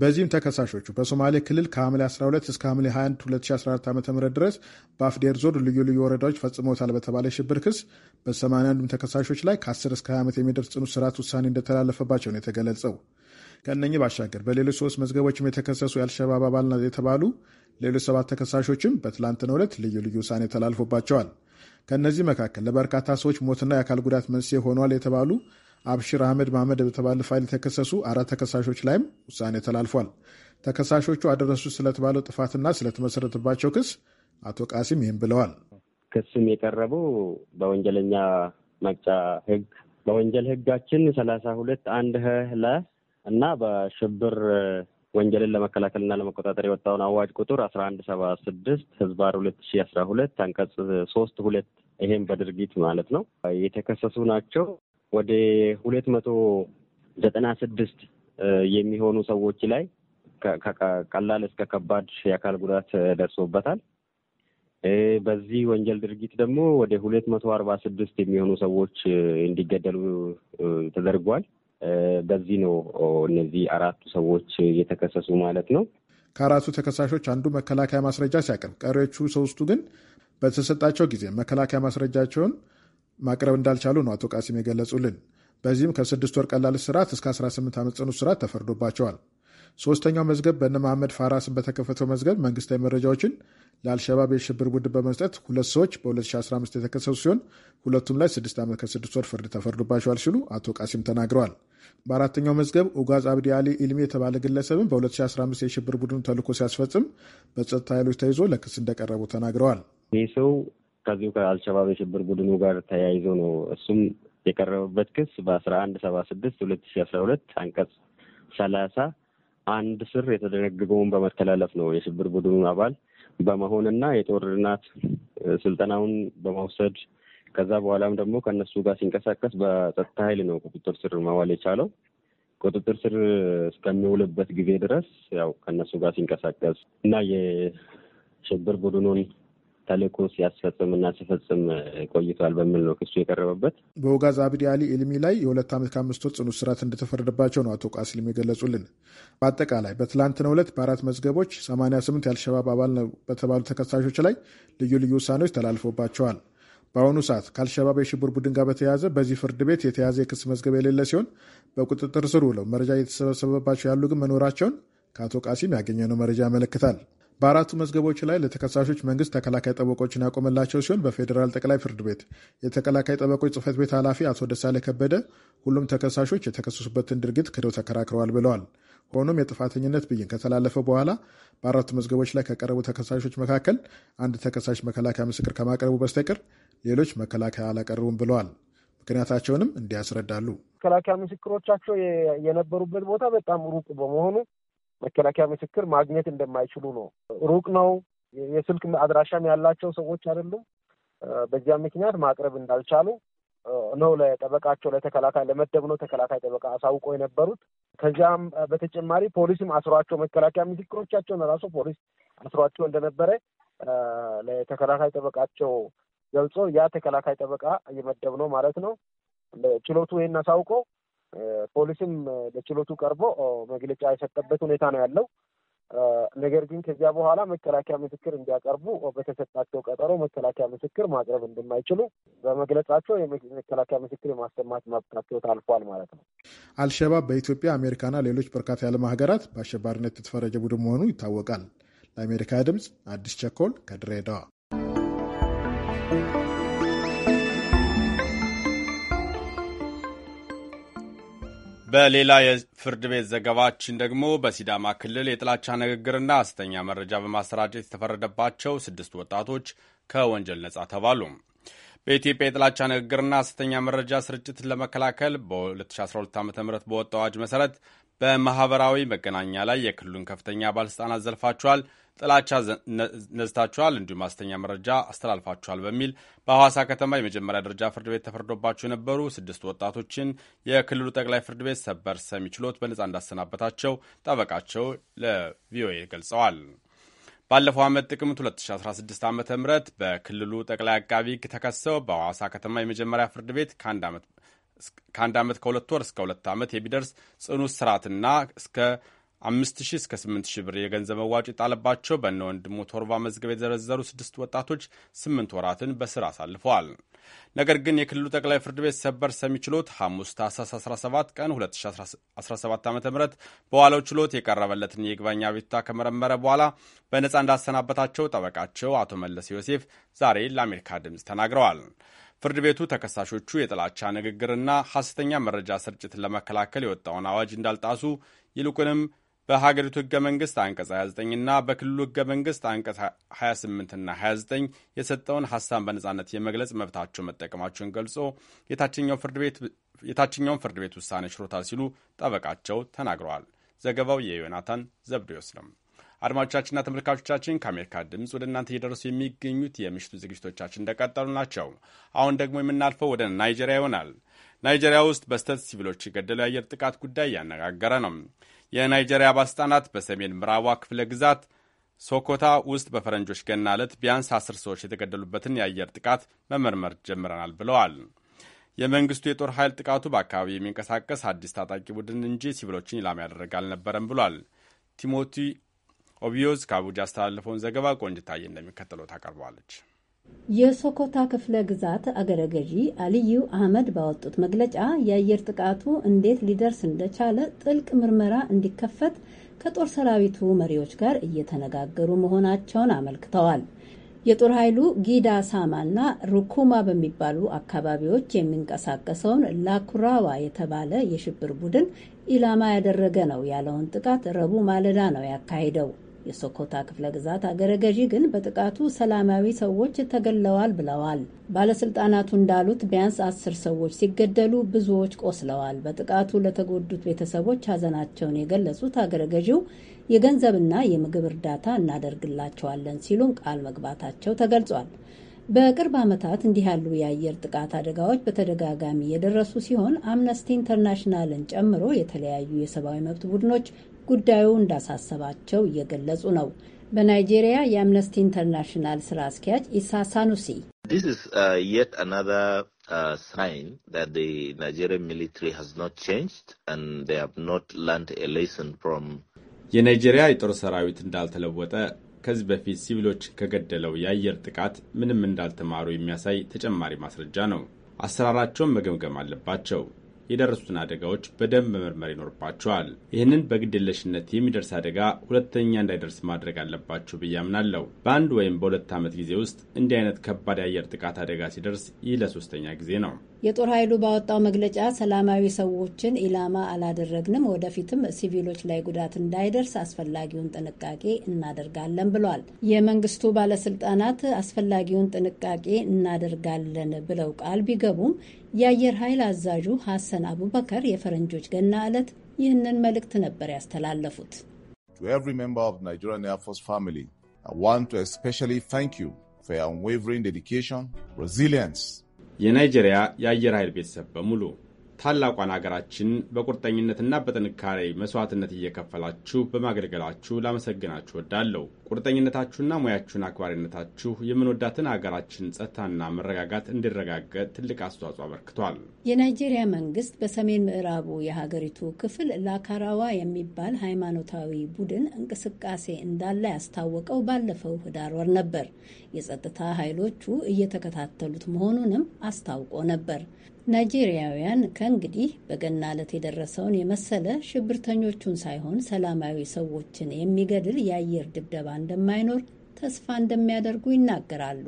በዚህም ተከሳሾቹ በሶማሌ ክልል ከሐምሌ 12 እስከ ሐምሌ 21 2014 ዓ ም ድረስ በአፍዴር ዞን ልዩ ልዩ ወረዳዎች ፈጽሞታል በተባለ ሽብር ክስ በ81ዱም ተከሳሾች ላይ ከ10 እስከ 20 ዓመት የሚደርስ ጽኑ እስራት ውሳኔ እንደተላለፈባቸው ነው የተገለጸው። ከእነኚህ ባሻገር በሌሎች ሶስት መዝገቦችም የተከሰሱ የአልሸባብ አባልና የተባሉ ሌሎች ሰባት ተከሳሾችም በትላንትናው ዕለት ልዩ ልዩ ውሳኔ ተላልፎባቸዋል። ከእነዚህ መካከል ለበርካታ ሰዎች ሞትና የአካል ጉዳት መንስኤ ሆኗል የተባሉ አብሽር አህመድ ማመድ በተባለ ፋይል የተከሰሱ አራት ተከሳሾች ላይም ውሳኔ ተላልፏል። ተከሳሾቹ አደረሱ ስለተባለው ጥፋትና ስለተመሰረተባቸው ክስ አቶ ቃሲም ይህም ብለዋል። ክስም የቀረበው በወንጀለኛ መቅጫ ህግ በወንጀል ህጋችን ሰላሳ ሁለት አንድ ህለ ለ እና በሽብር ወንጀልን ለመከላከልና ለመቆጣጠር የወጣውን አዋጅ ቁጥር አስራ አንድ ሰባ ስድስት ህዝባር ሁለት ሺ አስራ ሁለት አንቀጽ ሶስት ሁለት ይሄም በድርጊት ማለት ነው የተከሰሱ ናቸው። ወደ ሁለት መቶ ዘጠና ስድስት የሚሆኑ ሰዎች ላይ ቀላል እስከ ከባድ የአካል ጉዳት ደርሶበታል። በዚህ ወንጀል ድርጊት ደግሞ ወደ ሁለት መቶ አርባ ስድስት የሚሆኑ ሰዎች እንዲገደሉ ተደርጓል። በዚህ ነው እነዚህ አራቱ ሰዎች እየተከሰሱ ማለት ነው። ከአራቱ ተከሳሾች አንዱ መከላከያ ማስረጃ ሲያቀርብ፣ ቀሪዎቹ ሶስቱ ግን በተሰጣቸው ጊዜ መከላከያ ማስረጃቸውን ማቅረብ እንዳልቻሉ ነው አቶ ቃሲም የገለጹልን። በዚህም ከስድስት ወር ቀላል እስራት እስከ 18 ዓመት ጽኑ እስራት ተፈርዶባቸዋል። ሶስተኛው መዝገብ በነ መሐመድ ፋራስ በተከፈተው መዝገብ መንግስታዊ መረጃዎችን ለአልሸባብ የሽብር ቡድን በመስጠት ሁለት ሰዎች በ2015 የተከሰሱ ሲሆን ሁለቱም ላይ ስድስት ዓመት ከስድስት ወር ፍርድ ተፈርዶባቸዋል ሲሉ አቶ ቃሲም ተናግረዋል። በአራተኛው መዝገብ ኡጋዝ አብዲ አሊ ኢልሚ የተባለ ግለሰብን በ2015 የሽብር ቡድኑ ተልዕኮ ሲያስፈጽም በጸጥታ ኃይሎች ተይዞ ለክስ እንደቀረቡ ተናግረዋል። ይህ ሰው ከዚሁ ከአልሸባብ የሽብር ቡድኑ ጋር ተያይዞ ነው። እሱም የቀረበበት ክስ በአስራ አንድ ሰባ ስድስት ሁለት ሺ አስራ ሁለት አንቀጽ ሰላሳ አንድ ስር የተደነገገውን በመተላለፍ ነው። የሽብር ቡድኑ አባል በመሆንና የጦርናት ስልጠናውን በመውሰድ ከዛ በኋላም ደግሞ ከእነሱ ጋር ሲንቀሳቀስ በጸጥታ ኃይል ነው ቁጥጥር ስር መዋል የቻለው። ቁጥጥር ስር እስከሚውልበት ጊዜ ድረስ ያው ከእነሱ ጋር ሲንቀሳቀስ እና የሽብር ቡድኑን ተልእኮ ሲያስፈጽምና ሲፈጽም ቆይቷል በሚል ነው ክሱ የቀረበበት። በውጋዝ አብዲ አሊ ኢልሚ ላይ የሁለት ዓመት ከአምስት ወር ጽኑ እስራት እንደተፈረደባቸው ነው አቶ ቃሲልም የገለጹልን። በአጠቃላይ በትላንትናው ዕለት በአራት መዝገቦች 88 የአልሸባብ አባል ነው በተባሉ ተከሳሾች ላይ ልዩ ልዩ ውሳኔዎች ተላልፎባቸዋል። በአሁኑ ሰዓት ከአልሸባብ የሽብር ቡድን ጋር በተያያዘ በዚህ ፍርድ ቤት የተያዘ የክስ መዝገብ የሌለ ሲሆን በቁጥጥር ስር ውለው መረጃ እየተሰበሰበባቸው ያሉ ግን መኖራቸውን ከአቶ ቃሲም ያገኘነው መረጃ ያመለክታል። በአራቱ መዝገቦች ላይ ለተከሳሾች መንግስት ተከላካይ ጠበቆችን ያቆመላቸው ሲሆን በፌዴራል ጠቅላይ ፍርድ ቤት የተከላካይ ጠበቆች ጽህፈት ቤት ኃላፊ አቶ ደሳሌ ከበደ ሁሉም ተከሳሾች የተከሰሱበትን ድርጊት ክደው ተከራክረዋል ብለዋል። ሆኖም የጥፋተኝነት ብይን ከተላለፈ በኋላ በአራቱ መዝገቦች ላይ ከቀረቡ ተከሳሾች መካከል አንድ ተከሳሽ መከላከያ ምስክር ከማቅረቡ በስተቀር ሌሎች መከላከያ አላቀረቡም ብለዋል። ምክንያታቸውንም እንዲያስረዳሉ መከላከያ ምስክሮቻቸው የነበሩበት ቦታ በጣም ሩቁ በመሆኑ መከላከያ ምስክር ማግኘት እንደማይችሉ ነው። ሩቅ ነው፣ የስልክ አድራሻም ያላቸው ሰዎች አይደሉም። በዚያ ምክንያት ማቅረብ እንዳልቻሉ ነው ለጠበቃቸው ለተከላካይ ለመደብ ነው ተከላካይ ጠበቃ አሳውቆ የነበሩት። ከዚያም በተጨማሪ ፖሊስም አስሯቸው መከላከያ ምስክሮቻቸውን ራሱ ፖሊስ አስሯቸው እንደነበረ ለተከላካይ ጠበቃቸው ገልጾ ያ ተከላካይ ጠበቃ እየመደብ ነው ማለት ነው። ችሎቱ ይህን አሳውቆ ፖሊስም ለችሎቱ ቀርቦ መግለጫ የሰጠበት ሁኔታ ነው ያለው። ነገር ግን ከዚያ በኋላ መከላከያ ምስክር እንዲያቀርቡ በተሰጣቸው ቀጠሮ መከላከያ ምስክር ማቅረብ እንደማይችሉ በመግለጻቸው የመከላከያ ምስክር የማሰማት መብታቸው ታልፏል ማለት ነው። አልሸባብ በኢትዮጵያ አሜሪካና ሌሎች በርካታ የዓለም ሀገራት በአሸባሪነት የተፈረጀ ቡድን መሆኑ ይታወቃል። ለአሜሪካ ድምፅ አዲስ ቸኮል ከድሬዳዋ በሌላ የፍርድ ቤት ዘገባችን ደግሞ በሲዳማ ክልል የጥላቻ ንግግርና አስተኛ መረጃ በማሰራጨት የተፈረደባቸው ስድስት ወጣቶች ከወንጀል ነጻ ተባሉ። በኢትዮጵያ የጥላቻ ንግግርና አስተኛ መረጃ ስርጭትን ለመከላከል በ2012 ዓ ም በወጣው አዋጅ መሠረት በማኅበራዊ መገናኛ ላይ የክልሉን ከፍተኛ ባለሥልጣናት ዘልፋቸዋል። ጥላቻ ነዝታችኋል፣ እንዲሁም አስተኛ መረጃ አስተላልፋችኋል በሚል በሐዋሳ ከተማ የመጀመሪያ ደረጃ ፍርድ ቤት ተፈርዶባቸው የነበሩ ስድስት ወጣቶችን የክልሉ ጠቅላይ ፍርድ ቤት ሰበር ሰሚ ችሎት በነጻ እንዳሰናበታቸው ጠበቃቸው ለቪኦኤ ገልጸዋል። ባለፈው ዓመት ጥቅምት 2016 ዓ ም በክልሉ ጠቅላይ አቃቢ ሕግ ተከሰው በሐዋሳ ከተማ የመጀመሪያ ፍርድ ቤት ከአንድ ዓመት ከሁለት ወር እስከ ሁለት ዓመት የሚደርስ ጽኑ እስራትና እስከ አምስት ሺህ እስከ ስምንት ሺህ ብር የገንዘብ መዋጮ የጣለባቸው በእነ ወንድሙ ቶርባ መዝገብ የዘረዘሩ ስድስት ወጣቶች ስምንት ወራትን በስር አሳልፈዋል። ነገር ግን የክልሉ ጠቅላይ ፍርድ ቤት ሰበር ሰሚ ችሎት ሐሙስ ታህሳስ 17 ቀን 2017 ዓ ም በዋለው ችሎት የቀረበለትን የይግባኝ አቤቱታ ከመረመረ በኋላ በነፃ እንዳሰናበታቸው ጠበቃቸው አቶ መለስ ዮሴፍ ዛሬ ለአሜሪካ ድምፅ ተናግረዋል። ፍርድ ቤቱ ተከሳሾቹ የጥላቻ ንግግርና ሐሰተኛ መረጃ ስርጭትን ለመከላከል የወጣውን አዋጅ እንዳልጣሱ ይልቁንም በሀገሪቱ ህገ መንግስት አንቀጽ 29 እና በክልሉ ህገ መንግስት አንቀጽ 28ና 29 የሰጠውን ሀሳብ በነጻነት የመግለጽ መብታቸው መጠቀማቸውን ገልጾ የታችኛውን ፍርድ ቤት ውሳኔ ሽሮታል ሲሉ ጠበቃቸው ተናግረዋል። ዘገባው የዮናታን ዘብዴዎስ ነው። አድማጮቻችንና ተመልካቾቻችን ከአሜሪካ ድምፅ ወደ እናንተ እየደረሱ የሚገኙት የምሽቱ ዝግጅቶቻችን እንደቀጠሉ ናቸው። አሁን ደግሞ የምናልፈው ወደ ናይጄሪያ ይሆናል። ናይጄሪያ ውስጥ በስተት ሲቪሎች የገደለው የአየር ጥቃት ጉዳይ እያነጋገረ ነው። የናይጄሪያ ባለሥልጣናት በሰሜን ምዕራቧ ክፍለ ግዛት ሶኮታ ውስጥ በፈረንጆች ገና ዕለት ቢያንስ አስር ሰዎች የተገደሉበትን የአየር ጥቃት መመርመር ጀምረናል ብለዋል። የመንግስቱ የጦር ኃይል ጥቃቱ በአካባቢ የሚንቀሳቀስ አዲስ ታጣቂ ቡድን እንጂ ሲቪሎችን ኢላማ ያደረገ አልነበረም ብሏል። ቲሞቲ ኦቢዮዝ ከአቡጃ አስተላለፈውን ዘገባ ቆንጅታዬ እንደሚከተለው ታቀርበዋለች። የሶኮታ ክፍለ ግዛት አገረ ገዢ አልዩ አህመድ ባወጡት መግለጫ የአየር ጥቃቱ እንዴት ሊደርስ እንደቻለ ጥልቅ ምርመራ እንዲከፈት ከጦር ሰራዊቱ መሪዎች ጋር እየተነጋገሩ መሆናቸውን አመልክተዋል። የጦር ኃይሉ ጊዳ ሳማና ሩኩማ በሚባሉ አካባቢዎች የሚንቀሳቀሰውን ላኩራዋ የተባለ የሽብር ቡድን ኢላማ ያደረገ ነው ያለውን ጥቃት ረቡዕ ማለዳ ነው ያካሄደው። የሶኮታ ክፍለ ግዛት አገረ ገዢ ግን በጥቃቱ ሰላማዊ ሰዎች ተገለዋል ብለዋል። ባለስልጣናቱ እንዳሉት ቢያንስ አስር ሰዎች ሲገደሉ ብዙዎች ቆስለዋል። በጥቃቱ ለተጎዱት ቤተሰቦች ሀዘናቸውን የገለጹት አገረ ገዢው የገንዘብና የምግብ እርዳታ እናደርግላቸዋለን ሲሉም ቃል መግባታቸው ተገልጿል። በቅርብ ዓመታት እንዲህ ያሉ የአየር ጥቃት አደጋዎች በተደጋጋሚ የደረሱ ሲሆን አምነስቲ ኢንተርናሽናልን ጨምሮ የተለያዩ የሰብአዊ መብት ቡድኖች ጉዳዩ እንዳሳሰባቸው እየገለጹ ነው። በናይጄሪያ የአምነስቲ ኢንተርናሽናል ስራ አስኪያጅ ኢሳ ሳኑሲ uh, uh, የናይጄሪያ የጦር ሰራዊት እንዳልተለወጠ ከዚህ በፊት ሲቪሎች ከገደለው የአየር ጥቃት ምንም እንዳልተማሩ የሚያሳይ ተጨማሪ ማስረጃ ነው። አሰራራቸውን መገምገም አለባቸው። የደረሱትን አደጋዎች በደንብ መመርመር ይኖርባቸዋል። ይህንን በግድለሽነት የሚደርስ አደጋ ሁለተኛ እንዳይደርስ ማድረግ አለባችሁ ብዬ አምናለሁ። በአንድ ወይም በሁለት ዓመት ጊዜ ውስጥ እንዲህ አይነት ከባድ የአየር ጥቃት አደጋ ሲደርስ ይህ ለሶስተኛ ጊዜ ነው። የጦር ኃይሉ ባወጣው መግለጫ ሰላማዊ ሰዎችን ኢላማ አላደረግንም፣ ወደፊትም ሲቪሎች ላይ ጉዳት እንዳይደርስ አስፈላጊውን ጥንቃቄ እናደርጋለን ብሏል። የመንግስቱ ባለስልጣናት አስፈላጊውን ጥንቃቄ እናደርጋለን ብለው ቃል ቢገቡም የአየር ኃይል አዛዡ ሐሰን አቡበከር የፈረንጆች ገና ዕለት ይህንን መልእክት ነበር ያስተላለፉት። ሪን ዴዲኬሽን ሬዚሊየንስ የናይጄሪያ የአየር ኃይል ቤተሰብ በሙሉ ታላቋን አገራችን በቁርጠኝነትና በጥንካሬ መስዋዕትነት እየከፈላችሁ በማገልገላችሁ ላመሰግናችሁ ወዳለሁ። ቁርጠኝነታችሁና ሙያችሁን አክባሪነታችሁ የምንወዳትን አገራችን ጸጥታና መረጋጋት እንዲረጋገጥ ትልቅ አስተዋጽኦ አበርክቷል። የናይጄሪያ መንግስት በሰሜን ምዕራቡ የሀገሪቱ ክፍል ላካራዋ የሚባል ሃይማኖታዊ ቡድን እንቅስቃሴ እንዳለ ያስታወቀው ባለፈው ህዳር ወር ነበር። የጸጥታ ኃይሎቹ እየተከታተሉት መሆኑንም አስታውቆ ነበር። ናይጄሪያውያን ከእንግዲህ በገና ዕለት የደረሰውን የመሰለ ሽብርተኞቹን ሳይሆን ሰላማዊ ሰዎችን የሚገድል የአየር ድብደባ እንደማይኖር ተስፋ እንደሚያደርጉ ይናገራሉ።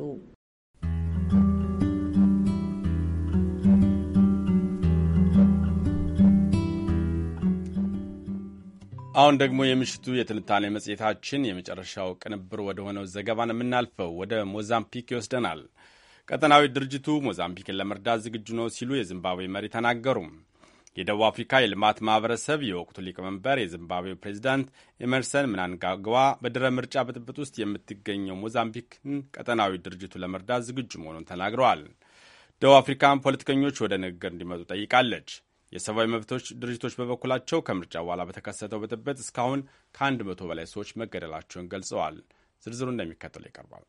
አሁን ደግሞ የምሽቱ የትንታኔ መጽሔታችን የመጨረሻው ቅንብር ወደ ሆነው ዘገባ ነው የምናልፈው። ወደ ሞዛምፒክ ይወስደናል። ቀጠናዊ ድርጅቱ ሞዛምፒክን ለመርዳት ዝግጁ ነው ሲሉ የዚምባብዌ መሪ ተናገሩ። የደቡብ አፍሪካ የልማት ማህበረሰብ የወቅቱ ሊቀመንበር የዚምባብዌው ፕሬዚዳንት ኤመርሰን ምናንጋግዋ በድረ ምርጫ ብጥብጥ ውስጥ የምትገኘው ሞዛምቢክን ቀጠናዊ ድርጅቱ ለመርዳት ዝግጁ መሆኑን ተናግረዋል። ደቡብ አፍሪካን ፖለቲከኞች ወደ ንግግር እንዲመጡ ጠይቃለች። የሰብአዊ መብቶች ድርጅቶች በበኩላቸው ከምርጫ በኋላ በተከሰተው ብጥብጥ እስካሁን ከአንድ መቶ በላይ ሰዎች መገደላቸውን ገልጸዋል። ዝርዝሩ እንደሚከተለው ይቀርባል።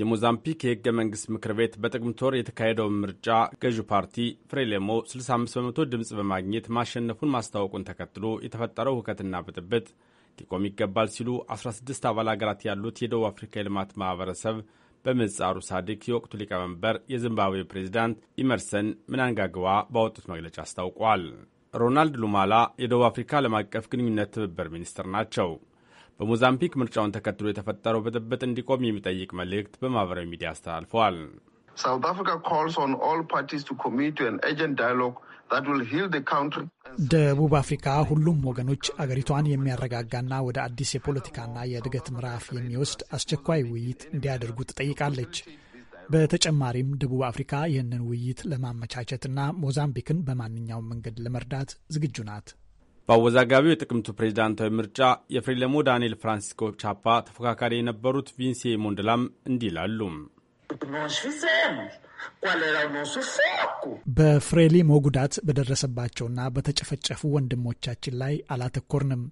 የሞዛምፒክ የህገ መንግስት ምክር ቤት በጥቅምት ወር የተካሄደውን ምርጫ ገዢ ፓርቲ ፍሬሌሞ 65 በመቶ ድምፅ በማግኘት ማሸነፉን ማስታወቁን ተከትሎ የተፈጠረው ሁከትና ብጥብጥ ሊቆም ይገባል ሲሉ 16 አባል አገራት ያሉት የደቡብ አፍሪካ የልማት ማህበረሰብ በምጻሩ ሳዲክ የወቅቱ ሊቀመንበር የዚምባብዌ ፕሬዚዳንት ኢመርሰን ምናንጋግዋ ባወጡት መግለጫ አስታውቋል። ሮናልድ ሉማላ የደቡብ አፍሪካ ዓለም አቀፍ ግንኙነት ትብብር ሚኒስትር ናቸው። በሞዛምቢክ ምርጫውን ተከትሎ የተፈጠረው ብጥብጥ እንዲቆም የሚጠይቅ መልእክት በማህበራዊ ሚዲያ አስተላልፈዋል። አፍሪካ ደቡብ አፍሪካ ሁሉም ወገኖች አገሪቷን የሚያረጋጋና ወደ አዲስ የፖለቲካና የእድገት ምዕራፍ የሚወስድ አስቸኳይ ውይይት እንዲያደርጉ ትጠይቃለች። በተጨማሪም ደቡብ አፍሪካ ይህንን ውይይት ለማመቻቸትና ሞዛምቢክን በማንኛውም መንገድ ለመርዳት ዝግጁ ናት። በአወዛጋቢው የጥቅምቱ ፕሬዝዳንታዊ ምርጫ የፍሬለሞ ዳንኤል ፍራንሲስኮ ቻፓ ተፎካካሪ የነበሩት ቪንሴ ሞንደላም እንዲህ ይላሉ። በፍሬሊሞ ጉዳት በደረሰባቸውና በተጨፈጨፉ ወንድሞቻችን ላይ አላተኮርንም።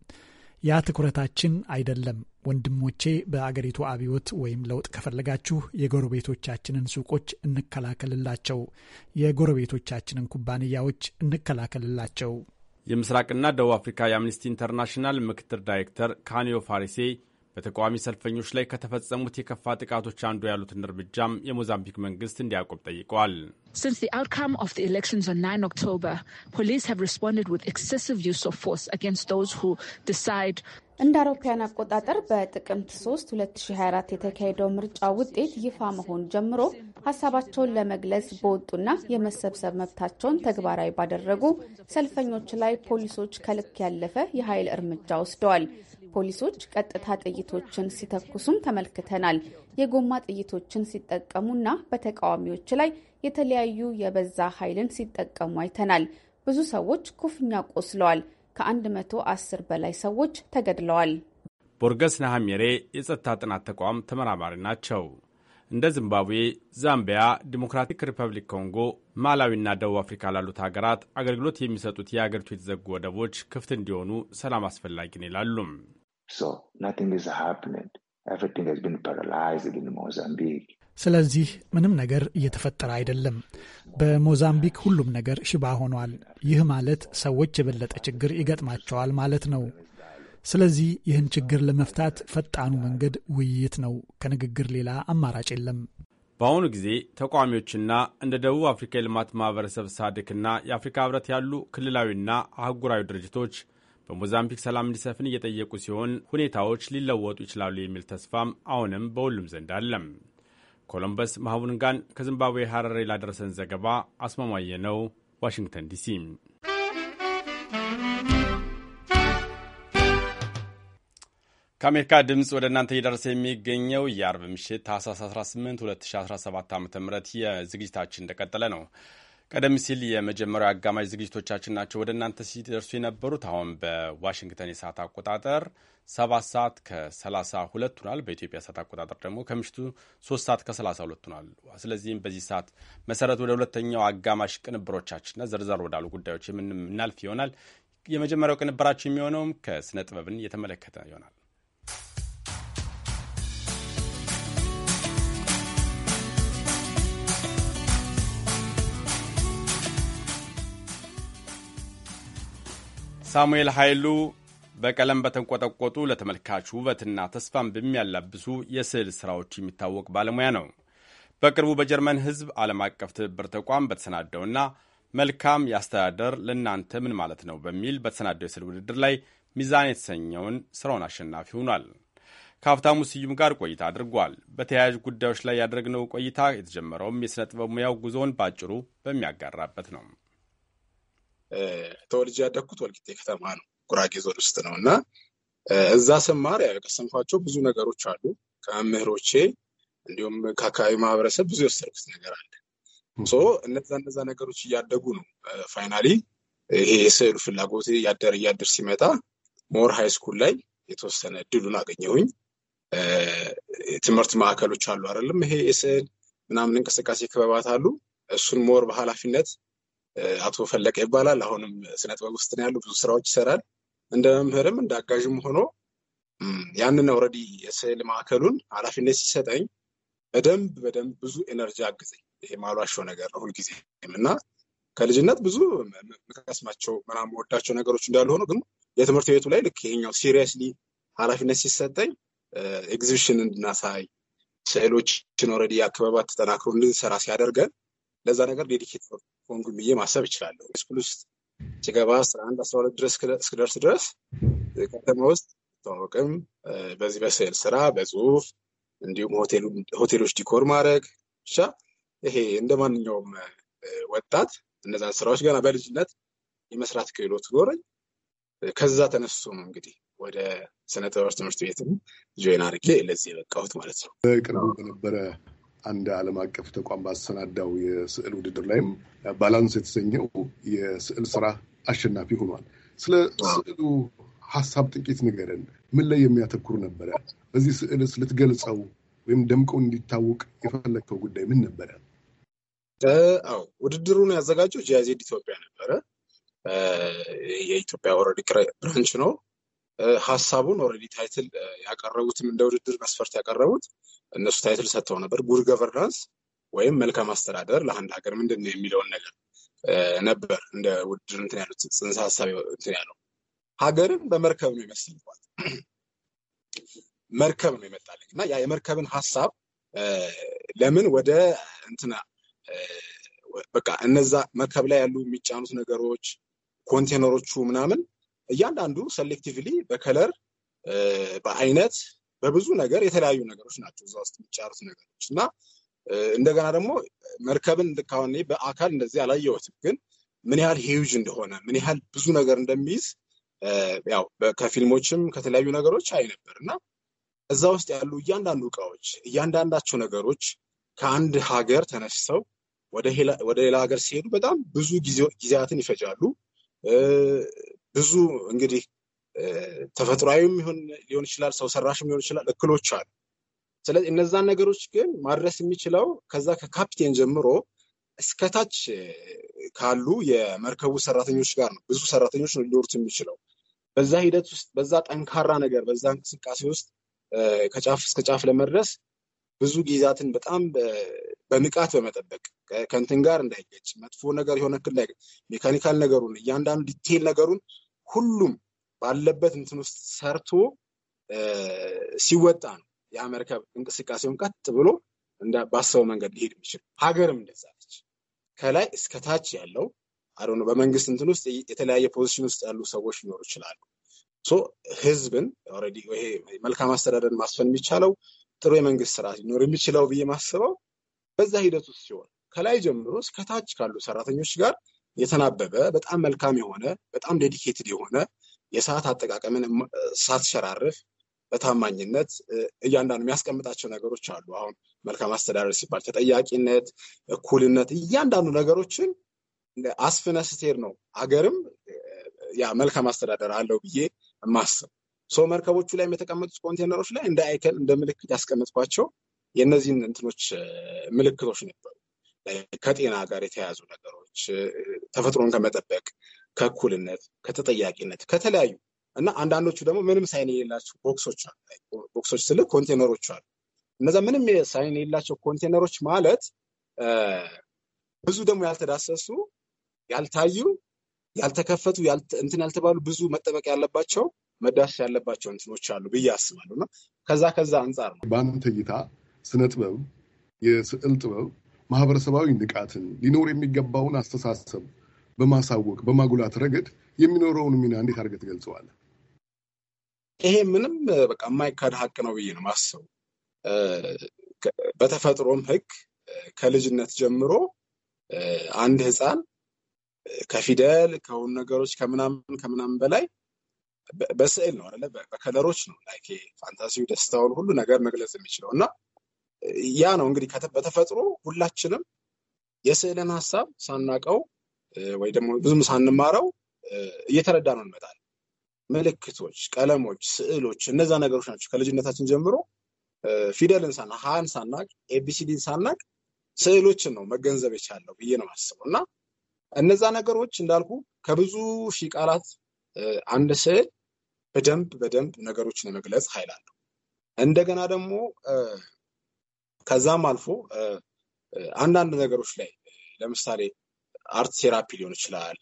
ያ ትኩረታችን አይደለም። ወንድሞቼ፣ በአገሪቱ አብዮት ወይም ለውጥ ከፈለጋችሁ የጎረቤቶቻችንን ሱቆች እንከላከልላቸው፣ የጎረቤቶቻችንን ኩባንያዎች እንከላከልላቸው። የምስራቅና ደቡብ አፍሪካ የአምኒስቲ ኢንተርናሽናል ምክትል ዳይሬክተር ካኒዮ ፋሪሴ በተቃዋሚ ሰልፈኞች ላይ ከተፈጸሙት የከፋ ጥቃቶች አንዱ ያሉትን እርምጃም የሞዛምቢክ መንግስት እንዲያቆም ጠይቀዋል። እንደ አውሮፓውያን አቆጣጠር በጥቅምት 3 2024 የተካሄደው ምርጫ ውጤት ይፋ መሆን ጀምሮ ሀሳባቸውን ለመግለጽ በወጡና የመሰብሰብ መብታቸውን ተግባራዊ ባደረጉ ሰልፈኞች ላይ ፖሊሶች ከልክ ያለፈ የኃይል እርምጃ ወስደዋል። ፖሊሶች ቀጥታ ጥይቶችን ሲተኩሱም ተመልክተናል። የጎማ ጥይቶችን ሲጠቀሙና በተቃዋሚዎች ላይ የተለያዩ የበዛ ኃይልን ሲጠቀሙ አይተናል። ብዙ ሰዎች ኩፍኛ ቆስለዋል። ከ110 በላይ ሰዎች ተገድለዋል። ቦርገስ ናሐሜሬ የጸጥታ ጥናት ተቋም ተመራማሪ ናቸው። እንደ ዚምባብዌ፣ ዛምቢያ፣ ዲሞክራቲክ ሪፐብሊክ ኮንጎ፣ ማላዊና ደቡብ አፍሪካ ላሉት ሀገራት አገልግሎት የሚሰጡት የአገሪቱ የተዘጉ ወደቦች ክፍት እንዲሆኑ ሰላም አስፈላጊ ነው ይላሉም። So nothing is happening. Everything has been paralyzed in Mozambique. ስለዚህ ምንም ነገር እየተፈጠረ አይደለም። በሞዛምቢክ ሁሉም ነገር ሽባ ሆኗል። ይህ ማለት ሰዎች የበለጠ ችግር ይገጥማቸዋል ማለት ነው። ስለዚህ ይህን ችግር ለመፍታት ፈጣኑ መንገድ ውይይት ነው። ከንግግር ሌላ አማራጭ የለም። በአሁኑ ጊዜ ተቃዋሚዎችና እንደ ደቡብ አፍሪካ የልማት ማህበረሰብ ሳድክና የአፍሪካ ህብረት ያሉ ክልላዊና አህጉራዊ ድርጅቶች በሞዛምቢክ ሰላም እንዲሰፍን እየጠየቁ ሲሆን ሁኔታዎች ሊለወጡ ይችላሉ የሚል ተስፋም አሁንም በሁሉም ዘንድ አለም። ኮሎምበስ ማህቡንጋን ከዚምባብዌ ሐረሬ ላደረሰን ዘገባ አስማማየ ነው፣ ዋሽንግተን ዲሲ። ከአሜሪካ ድምፅ ወደ እናንተ እየደረሰ የሚገኘው የአርብ ምሽት ታህሳስ 18 2017 ዓ ም የዝግጅታችን እንደቀጠለ ነው። ቀደም ሲል የመጀመሪያው አጋማሽ ዝግጅቶቻችን ናቸው ወደ እናንተ ሲደርሱ የነበሩት። አሁን በዋሽንግተን የሰዓት አቆጣጠር ሰባት ሰዓት ከሰላሳ ሁለት ሆኗል። በኢትዮጵያ ሰዓት አቆጣጠር ደግሞ ከምሽቱ ሶስት ሰዓት ከሰላሳ ሁለት ሆኗል። ስለዚህም በዚህ ሰዓት መሰረት ወደ ሁለተኛው አጋማሽ ቅንብሮቻችንና ዘርዘር ወዳሉ ጉዳዮች የምናልፍ ይሆናል። የመጀመሪያው ቅንብራችን የሚሆነውም ከስነ ጥበብን የተመለከተ ይሆናል። ሳሙኤል ኃይሉ በቀለም በተንቆጠቆጡ ለተመልካች ውበትና ተስፋን በሚያላብሱ የስዕል ሥራዎች የሚታወቅ ባለሙያ ነው። በቅርቡ በጀርመን ሕዝብ ዓለም አቀፍ ትብብር ተቋም በተሰናደውና መልካም የአስተዳደር ለእናንተ ምን ማለት ነው በሚል በተሰናደው የስዕል ውድድር ላይ ሚዛን የተሰኘውን ሥራውን አሸናፊ ሆኗል። ከሀብታሙ ስዩም ጋር ቆይታ አድርጓል። በተያያዥ ጉዳዮች ላይ ያደረግነው ቆይታ የተጀመረውም የሥነ ጥበብ ሙያው ጉዞውን በአጭሩ በሚያጋራበት ነው። ተወልጄ ያደግኩት ወልቂጤ ከተማ ነው፣ ጉራጌ ዞን ውስጥ ነው እና እዛ ስማር ያቀሰምኳቸው ብዙ ነገሮች አሉ። ከመምህሮቼ እንዲሁም ከአካባቢ ማህበረሰብ ብዙ የወሰድኩት ነገር አለ። ሶ እነዛ እነዛ ነገሮች እያደጉ ነው ፋይናሊ ይሄ የስዕሉ ፍላጎት እያደር እያደር ሲመጣ ሞር ሃይ ስኩል ላይ የተወሰነ እድሉን አገኘሁኝ። ትምህርት ማዕከሎች አሉ አይደለም? ይሄ የስዕል ምናምን እንቅስቃሴ ክበባት አሉ። እሱን ሞር በኃላፊነት አቶ ፈለቀ ይባላል። አሁንም ስነ ጥበብ ውስጥ ነው ያሉ ብዙ ስራዎች ይሰራል። እንደ መምህርም እንደ አጋዥም ሆኖ ያንን ኦልሬዲ የስዕል ማዕከሉን ኃላፊነት ሲሰጠኝ በደንብ በደንብ ብዙ ኤነርጂ አግዘኝ። ይሄ ማሏሾ ነገር ነው ሁልጊዜም እና ከልጅነት ብዙ የምቀስማቸው ምናምን ወዳቸው ነገሮች እንዳሉ ሆኖ ግን የትምህርት ቤቱ ላይ ልክ ይሄኛው ሲሪየስሊ ኃላፊነት ሲሰጠኝ ኤግዚቢሽን እንድናሳይ ስዕሎችን ኦልሬዲ የአከባባት ተጠናክሮ እንድንሰራ ሲያደርገን ለዛ ነገር ዴዲኬት ሆንኩ ብዬ ማሰብ ይችላለሁ። ስኩል ውስጥ ሲገባ አስራ አንድ አስራ ሁለት ድረስ እስክደርስ ድረስ ከተማ ውስጥ ተዋወቅም በዚህ በስዕል ስራ፣ በጽሁፍ እንዲሁም ሆቴሎች ዲኮር ማድረግ ብቻ ይሄ እንደ ማንኛውም ወጣት እነዛን ስራዎች ገና በልጅነት የመስራት ክህሎት ጎረኝ ከዛ ተነሱ ነው እንግዲህ ወደ ስነ ጥበብ ትምህርት ቤትም ጆይን አድርጌ ለዚህ የበቃሁት ማለት ነው። በቅርቡ በነበረ አንድ ዓለም አቀፍ ተቋም ባሰናዳው የስዕል ውድድር ላይም ባላንስ የተሰኘው የስዕል ስራ አሸናፊ ሆኗል። ስለ ስዕሉ ሀሳብ ጥቂት ንገረን። ምን ላይ የሚያተኩር ነበረ? በዚህ ስዕልስ ልትገልጸው ወይም ደምቀው እንዲታወቅ የፈለግከው ጉዳይ ምን ነበረ? አዎ ውድድሩን ያዘጋጀው ጂያዜድ ኢትዮጵያ ነበረ። የኢትዮጵያ ወረድ ብራንች ነው። ሀሳቡን ኦልሬዲ ታይትል ያቀረቡትም እንደ ውድድር መስፈርት ያቀረቡት እነሱ ታይትል ሰጥተው ነበር። ጉድ ገቨርናንስ ወይም መልካም አስተዳደር ለአንድ ሀገር ምንድን ነው የሚለውን ነገር ነበር እንደ ውድድር እንትን ያሉት ጽንሰ ሀሳብ እንትን ያለው ሀገርን በመርከብ ነው የመሰልኳት መርከብ ነው ይመጣለኝ እና ያ የመርከብን ሀሳብ ለምን ወደ እንትና በቃ እነዛ መርከብ ላይ ያሉ የሚጫኑት ነገሮች ኮንቴነሮቹ ምናምን እያንዳንዱ ሰሌክቲቭሊ በከለር በአይነት በብዙ ነገር የተለያዩ ነገሮች ናቸው እዛ ውስጥ የሚጫሩት ነገሮች እና እንደገና ደግሞ መርከብን ልክ በአካል እንደዚህ አላየሁትም፣ ግን ምን ያህል ሂውጅ እንደሆነ ምን ያህል ብዙ ነገር እንደሚይዝ ያው ከፊልሞችም ከተለያዩ ነገሮች አይ ነበር እና እዛ ውስጥ ያሉ እያንዳንዱ እቃዎች እያንዳንዳቸው ነገሮች ከአንድ ሀገር ተነስተው ወደ ሌላ ሀገር ሲሄዱ በጣም ብዙ ጊዜያትን ይፈጃሉ። ብዙ እንግዲህ ተፈጥሯዊም ሊሆን ይችላል፣ ሰው ሰራሽም ሊሆን ይችላል፣ እክሎች አሉ። ስለዚህ እነዛን ነገሮች ግን ማድረስ የሚችለው ከዛ ከካፕቴን ጀምሮ እስከታች ካሉ የመርከቡ ሰራተኞች ጋር ነው። ብዙ ሰራተኞች ነው ሊኖሩት የሚችለው። በዛ ሂደት ውስጥ በዛ ጠንካራ ነገር በዛ እንቅስቃሴ ውስጥ ከጫፍ እስከ ጫፍ ለመድረስ ብዙ ጊዜያትን በጣም በንቃት በመጠበቅ ከንትን ጋር እንዳይገጭ መጥፎ ነገር የሆነ ክል ላይ ሜካኒካል ነገሩን እያንዳንዱ ዲቴል ነገሩን ሁሉም ባለበት እንትን ውስጥ ሰርቶ ሲወጣ ነው ያ መርከብ እንቅስቃሴውን ቀጥ ብሎ ባሰበው መንገድ ሊሄድ የሚችል። ሀገርም እንደዛ ነች። ከላይ ታች ያለው አዶ በመንግስት እንትን ውስጥ የተለያየ ፖዚሽን ውስጥ ያሉ ሰዎች ሊኖሩ ይችላሉ። ህዝብን ኦልሬዲ ይሄ መልካም አስተዳደርን ማስፈን የሚቻለው ጥሩ የመንግስት ስርዓት ሊኖር የሚችለው ብዬ ማስበው በዛ ሂደት ውስጥ ሲሆን ከላይ ጀምሮ እስከታች ካሉ ሰራተኞች ጋር የተናበበ በጣም መልካም የሆነ በጣም ዴዲኬትድ የሆነ የሰዓት አጠቃቀምን ሳትሸራርፍ በታማኝነት እያንዳንዱ የሚያስቀምጣቸው ነገሮች አሉ። አሁን መልካም አስተዳደር ሲባል ተጠያቂነት፣ እኩልነት፣ እያንዳንዱ ነገሮችን አስፍነ ነው አገርም ያ መልካም አስተዳደር አለው ብዬ ማስብ ሰው መርከቦቹ ላይም የተቀመጡት ኮንቴነሮች ላይ እንደ አይከን እንደ ምልክት ያስቀመጥኳቸው የእነዚህን እንትኖች ምልክቶች ነበሩ። ከጤና ጋር የተያያዙ ነገሮች፣ ተፈጥሮን ከመጠበቅ፣ ከእኩልነት፣ ከተጠያቂነት፣ ከተለያዩ እና አንዳንዶቹ ደግሞ ምንም ሳይን የሌላቸው ቦክሶች አሉ። ቦክሶች ስል ኮንቴነሮች አሉ። እነዛ ምንም ሳይን የሌላቸው ኮንቴነሮች ማለት ብዙ ደግሞ ያልተዳሰሱ ያልታዩ፣ ያልተከፈቱ፣ እንትን ያልተባሉ ብዙ መጠበቅ ያለባቸው መዳሰስ ያለባቸው እንትኖች አሉ ብዬ አስባለሁ እና ከዛ ከዛ አንጻር ነው በአንተ እይታ ስነ ጥበብ፣ የስዕል ጥበብ ማህበረሰባዊ ንቃትን ሊኖር የሚገባውን አስተሳሰብ በማሳወቅ በማጉላት ረገድ የሚኖረውን ሚና እንዴት አድርገህ ትገልጸዋለህ? ይሄ ምንም በቃ የማይካድ ሀቅ ነው ብዬ ነው ማሰቡ። በተፈጥሮም ህግ ከልጅነት ጀምሮ አንድ ህፃን ከፊደል ከሆኑ ነገሮች ከምናምን ከምናምን በላይ በስዕል ነው አለ በከለሮች ነው ላይ ፋንታሲው ደስታውን ሁሉ ነገር መግለጽ የሚችለው እና ያ ነው እንግዲህ በተፈጥሮ ሁላችንም የስዕልን ሀሳብ ሳናቀው ወይ ደግሞ ብዙም ሳንማረው እየተረዳ ነው እንመጣል ምልክቶች፣ ቀለሞች፣ ስዕሎች እነዛ ነገሮች ናቸው ከልጅነታችን ጀምሮ ፊደልን ሳና ሀን ሳናቅ ኤቢሲዲን ሳናቅ ስዕሎችን ነው መገንዘብ የቻለው ብዬ ነው ማስበው እና እነዛ ነገሮች እንዳልኩ ከብዙ ሺህ ቃላት አንድ ስዕል በደንብ በደንብ ነገሮችን የመግለጽ ኃይል አለው። እንደገና ደግሞ ከዛም አልፎ አንዳንድ ነገሮች ላይ ለምሳሌ አርት ቴራፒ ሊሆን ይችላል።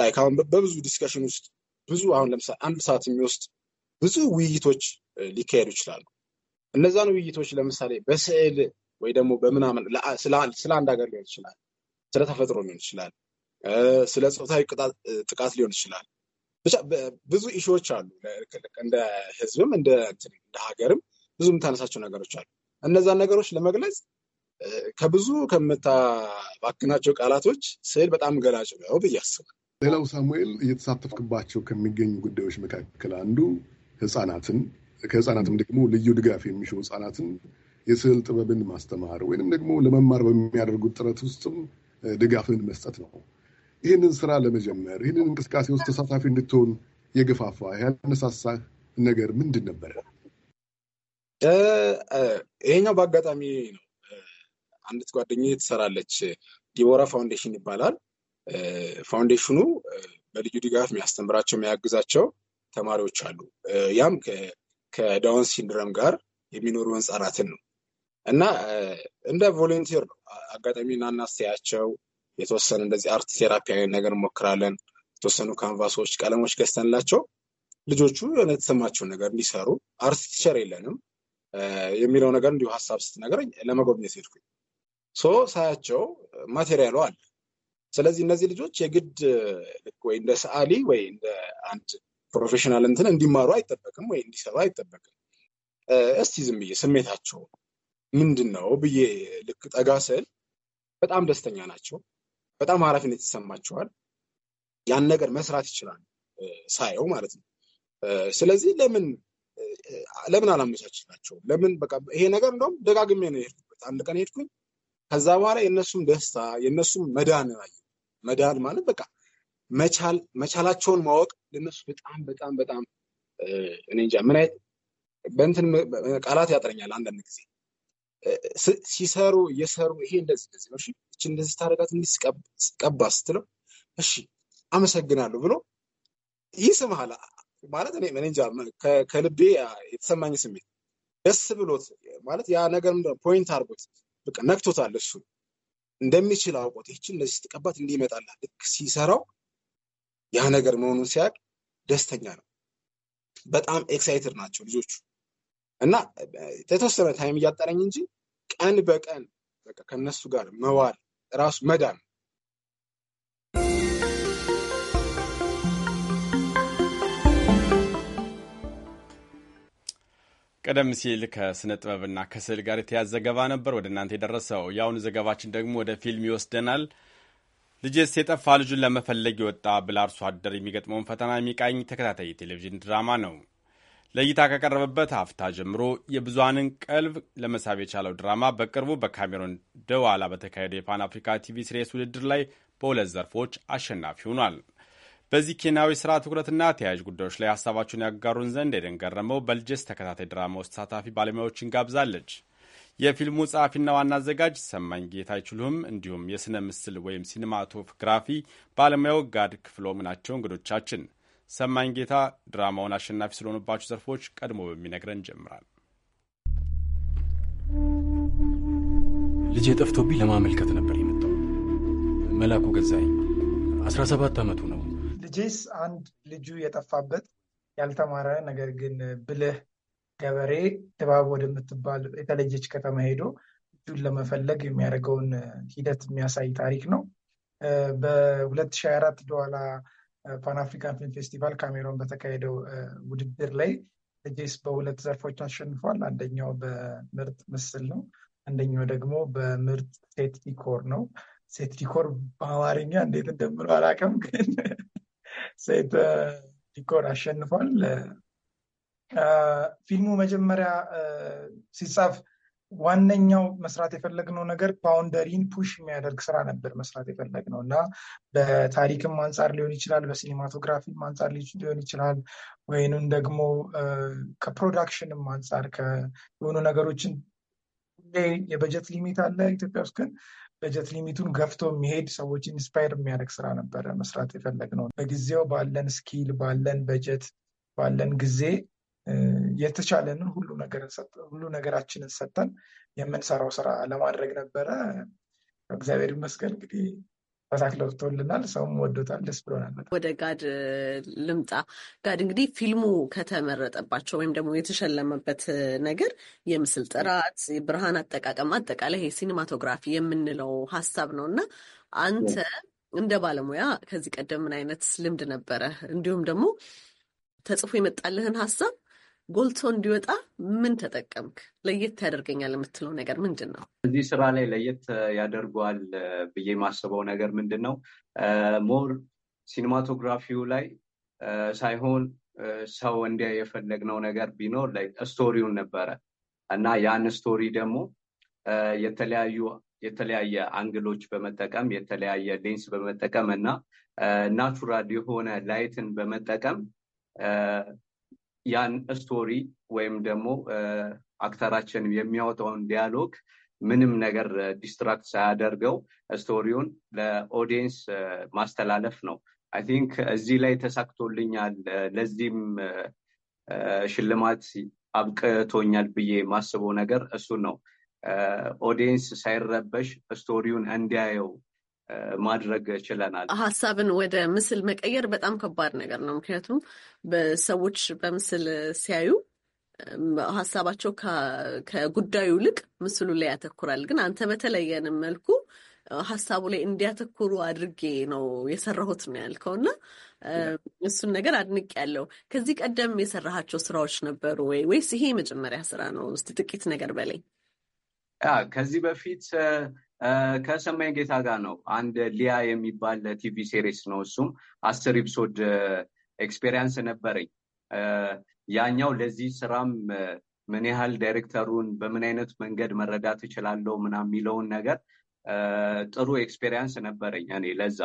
ላይ አሁን በብዙ ዲስከሽን ውስጥ ብዙ አሁን ለምሳሌ አንድ ሰዓት የሚወስድ ብዙ ውይይቶች ሊካሄዱ ይችላሉ። እነዛን ውይይቶች ለምሳሌ በስዕል ወይ ደግሞ በምናምን ስለ አንድ ሀገር ሊሆን ይችላል፣ ስለ ተፈጥሮ ሊሆን ይችላል፣ ስለ ፆታዊ ጥቃት ሊሆን ይችላል ብቻ ብዙ ኢሹዎች አሉ። እንደ ህዝብም እንደ ሀገርም ብዙ የምታነሳቸው ነገሮች አሉ። እነዛን ነገሮች ለመግለጽ ከብዙ ከምታባክናቸው ቃላቶች ስዕል በጣም ገላጭ ነው ብዬ አስባለሁ። ሌላው ሳሙኤል እየተሳተፍክባቸው ከሚገኙ ጉዳዮች መካከል አንዱ ህጻናትን ከህጻናትም ደግሞ ልዩ ድጋፍ የሚሹ ህፃናትን የስዕል ጥበብን ማስተማር ወይንም ደግሞ ለመማር በሚያደርጉት ጥረት ውስጥም ድጋፍን መስጠት ነው። ይህንን ስራ ለመጀመር ይህንን እንቅስቃሴ ውስጥ ተሳታፊ እንድትሆን የገፋፋ ያነሳሳህ ነገር ምንድን ነበረ? ይሄኛው በአጋጣሚ ነው። አንዲት ጓደኝ ትሰራለች። ዲቦራ ፋውንዴሽን ይባላል። ፋውንዴሽኑ በልዩ ድጋፍ የሚያስተምራቸው የሚያግዛቸው ተማሪዎች አሉ። ያም ከዳውን ሲንድረም ጋር የሚኖሩ ህጻናትን ነው እና እንደ ቮለንቲር ነው አጋጣሚ እናናስተያቸው የተወሰነ እንደዚህ አርት ቴራፒ አይነት ነገር እንሞክራለን። የተወሰኑ ካንቫሶች፣ ቀለሞች ገዝተንላቸው ልጆቹ የሆነ የተሰማቸውን ነገር እንዲሰሩ አርት ቲቸር የለንም የሚለው ነገር እንዲሁ ሀሳብ ስትነግረኝ ለመጎብኘት ሄድኩኝ። ሶ ሳያቸው ማቴሪያሉ አለ። ስለዚህ እነዚህ ልጆች የግድ ወይ እንደ ሰዓሊ ወይ እንደ አንድ ፕሮፌሽናል እንትን እንዲማሩ አይጠበቅም፣ ወይ እንዲሰሩ አይጠበቅም። እስቲ ዝም ብዬ ስሜታቸው ምንድን ነው ብዬ ልክ ጠጋ ስል በጣም ደስተኛ ናቸው። በጣም ኃላፊነት ይሰማቸዋል። ያን ነገር መስራት ይችላል ሳየው ማለት ነው። ስለዚህ ለምን ለምን አላመቻችላቸው? ለምን በቃ ይሄ ነገር እንደውም ደጋግሜ ነው የሄድኩበት። አንድ ቀን ሄድኩኝ። ከዛ በኋላ የእነሱም ደስታ የእነሱም መዳን አየሁ። መዳን ማለት በቃ መቻል መቻላቸውን ማወቅ ለእነሱ በጣም በጣም በጣም እኔ እንጃ ምን አይነት በእንትን ቃላት ያጥረኛል አንዳንድ ጊዜ ሲሰሩ እየሰሩ ይሄ እንደዚህ እንደዚህ ነው፣ እሺ እንደዚህ ታደርጋት እንዲህ ቀባ ስትለው እሺ አመሰግናለሁ ብሎ ስምሃል ማለት እኔ እንጃ ከልቤ የተሰማኝ ስሜት ደስ ብሎት ማለት ያ ነገር ፖይንት አርጎት በቃ ነክቶታል። እሱ እንደሚችል አውቆት ይችን እንደዚህ ስትቀባት እንዲመጣላት ልክ ሲሰራው ያ ነገር መሆኑን ሲያቅ ደስተኛ ነው። በጣም ኤክሳይትድ ናቸው ልጆቹ። እና የተወሰነ ታይም እያጠረኝ እንጂ ቀን በቀን በቃ ከነሱ ጋር መዋል ራሱ መዳን ቀደም ሲል ከስነ ጥበብና ከስዕል ጋር የተያዘ ዘገባ ነበር ወደ እናንተ የደረሰው። የአሁኑ ዘገባችን ደግሞ ወደ ፊልም ይወስደናል። ልጅስ የጠፋ ልጁን ለመፈለግ የወጣ ብላ አርሶ አደር የሚገጥመውን ፈተና የሚቃኝ ተከታታይ የቴሌቪዥን ድራማ ነው። ለእይታ ከቀረበበት አፍታ ጀምሮ የብዙሃንን ቀልብ ለመሳብ የቻለው ድራማ በቅርቡ በካሜሮን ደዋላ በተካሄደ የፓን አፍሪካ ቲቪ ስሬስ ውድድር ላይ በሁለት ዘርፎች አሸናፊ ሆኗል። በዚህ ኬንያዊ ስራ ትኩረትና ተያያዥ ጉዳዮች ላይ ሀሳባቸውን ያጋሩን ዘንድ ኤደን ገረመው በልጅስ ተከታታይ ድራማ ውስጥ ተሳታፊ ባለሙያዎችን ጋብዛለች። የፊልሙ ጸሐፊና ዋና አዘጋጅ ሰማኝ ጌታ አይችሉህም እንዲሁም የሥነ ምስል ወይም ሲኒማቶግራፊ ባለሙያው ጋድ ክፍሎም ናቸው እንግዶቻችን። ሰማኝ ጌታ ድራማውን አሸናፊ ስለሆኑባቸው ዘርፎች ቀድሞ በሚነግረን ጀምራል። ልጄ ጠፍቶብኝ ለማመልከት ነበር የመጣው። መላኩ ገዛኝ አስራ ሰባት ዓመቱ ነው። ልጄስ አንድ ልጁ የጠፋበት ያልተማረ ነገር ግን ብልህ ገበሬ ድባብ ወደምትባል የተለየች ከተማ ሄዶ ልጁን ለመፈለግ የሚያደርገውን ሂደት የሚያሳይ ታሪክ ነው። በ2024 በኋላ ፓን አፍሪካን ፊልም ፌስቲቫል ካሜሮን በተካሄደው ውድድር ላይ ጄስ በሁለት ዘርፎች አሸንፏል። አንደኛው በምርጥ ምስል ነው፣ አንደኛው ደግሞ በምርጥ ሴት ዲኮር ነው። ሴት ዲኮር በአማርኛ እንዴት እንደምለው አላውቅም፣ ግን ሴት ዲኮር አሸንፏል። ፊልሙ መጀመሪያ ሲጻፍ ዋነኛው መስራት የፈለግነው ነገር ባውንደሪን ፑሽ የሚያደርግ ስራ ነበር መስራት የፈለግነው እና በታሪክም አንጻር ሊሆን ይችላል፣ በሲኒማቶግራፊም አንጻር ሊሆን ይችላል፣ ወይንም ደግሞ ከፕሮዳክሽንም አንጻር የሆኑ ነገሮችን የበጀት ሊሚት አለ ኢትዮጵያ ውስጥ ግን በጀት ሊሚቱን ገፍቶ የሚሄድ ሰዎችን ኢንስፓየር የሚያደርግ ስራ ነበረ መስራት የፈለግነው በጊዜው ባለን ስኪል ባለን በጀት ባለን ጊዜ የተቻለንን ሁሉ ነገራችንን ሰጥተን የምንሰራው ስራ ለማድረግ ነበረ። እግዚአብሔር ይመስገን እንግዲህ ተሳክለውቶልናል። ሰውም ወዶታል፣ ደስ ብሎናል። ወደ ጋድ ልምጣ። ጋድ እንግዲህ ፊልሙ ከተመረጠባቸው ወይም ደግሞ የተሸለመበት ነገር የምስል ጥራት፣ ብርሃን አጠቃቀም፣ አጠቃላይ ሲኒማቶግራፊ የምንለው ሀሳብ ነው እና አንተ እንደ ባለሙያ ከዚህ ቀደም ምን አይነት ልምድ ነበረ? እንዲሁም ደግሞ ተጽፎ የመጣልህን ሀሳብ ጎልቶ እንዲወጣ ምን ተጠቀምክ? ለየት ያደርገኛል የምትለው ነገር ምንድን ነው? እዚህ ስራ ላይ ለየት ያደርገዋል ብዬ የማስበው ነገር ምንድን ነው? ሞር ሲኒማቶግራፊው ላይ ሳይሆን ሰው እንዲያ የፈለግነው ነገር ቢኖር ስቶሪውን ነበረ እና ያን ስቶሪ ደግሞ የተለያዩ የተለያየ አንግሎች በመጠቀም የተለያየ ሌንስ በመጠቀም እና ናቹራል የሆነ ላይትን በመጠቀም ያን ስቶሪ ወይም ደግሞ አክተራችን የሚያወጣውን ዲያሎግ ምንም ነገር ዲስትራክት ሳያደርገው ስቶሪውን ለኦዲየንስ ማስተላለፍ ነው። አይ ቲንክ እዚህ ላይ ተሳክቶልኛል። ለዚህም ሽልማት አብቅቶኛል ብዬ ማስበው ነገር እሱ ነው። ኦዲየንስ ሳይረበሽ ስቶሪውን እንዲያየው ማድረግ ችለናል። ሀሳብን ወደ ምስል መቀየር በጣም ከባድ ነገር ነው። ምክንያቱም በሰዎች በምስል ሲያዩ ሀሳባቸው ከጉዳዩ ይልቅ ምስሉ ላይ ያተኩራል። ግን አንተ በተለየን መልኩ ሀሳቡ ላይ እንዲያተኩሩ አድርጌ ነው የሰራሁት ነው ያልከው እና እሱን ነገር አድንቅ ያለው። ከዚህ ቀደም የሰራሃቸው ስራዎች ነበሩ ወይ ወይስ ይሄ የመጀመሪያ ስራ ነው? እስቲ ጥቂት ነገር በላይ ከዚህ በፊት ከሰማይ ጌታ ጋር ነው። አንድ ሊያ የሚባል ቲቪ ሴሪስ ነው። እሱም አስር ኤፒሶድ ኤክስፔሪያንስ ነበረኝ። ያኛው ለዚህ ስራም ምን ያህል ዳይሬክተሩን በምን አይነት መንገድ መረዳት እችላለሁ ምና የሚለውን ነገር ጥሩ ኤክስፔሪያንስ ነበረኝ። እኔ ለዛ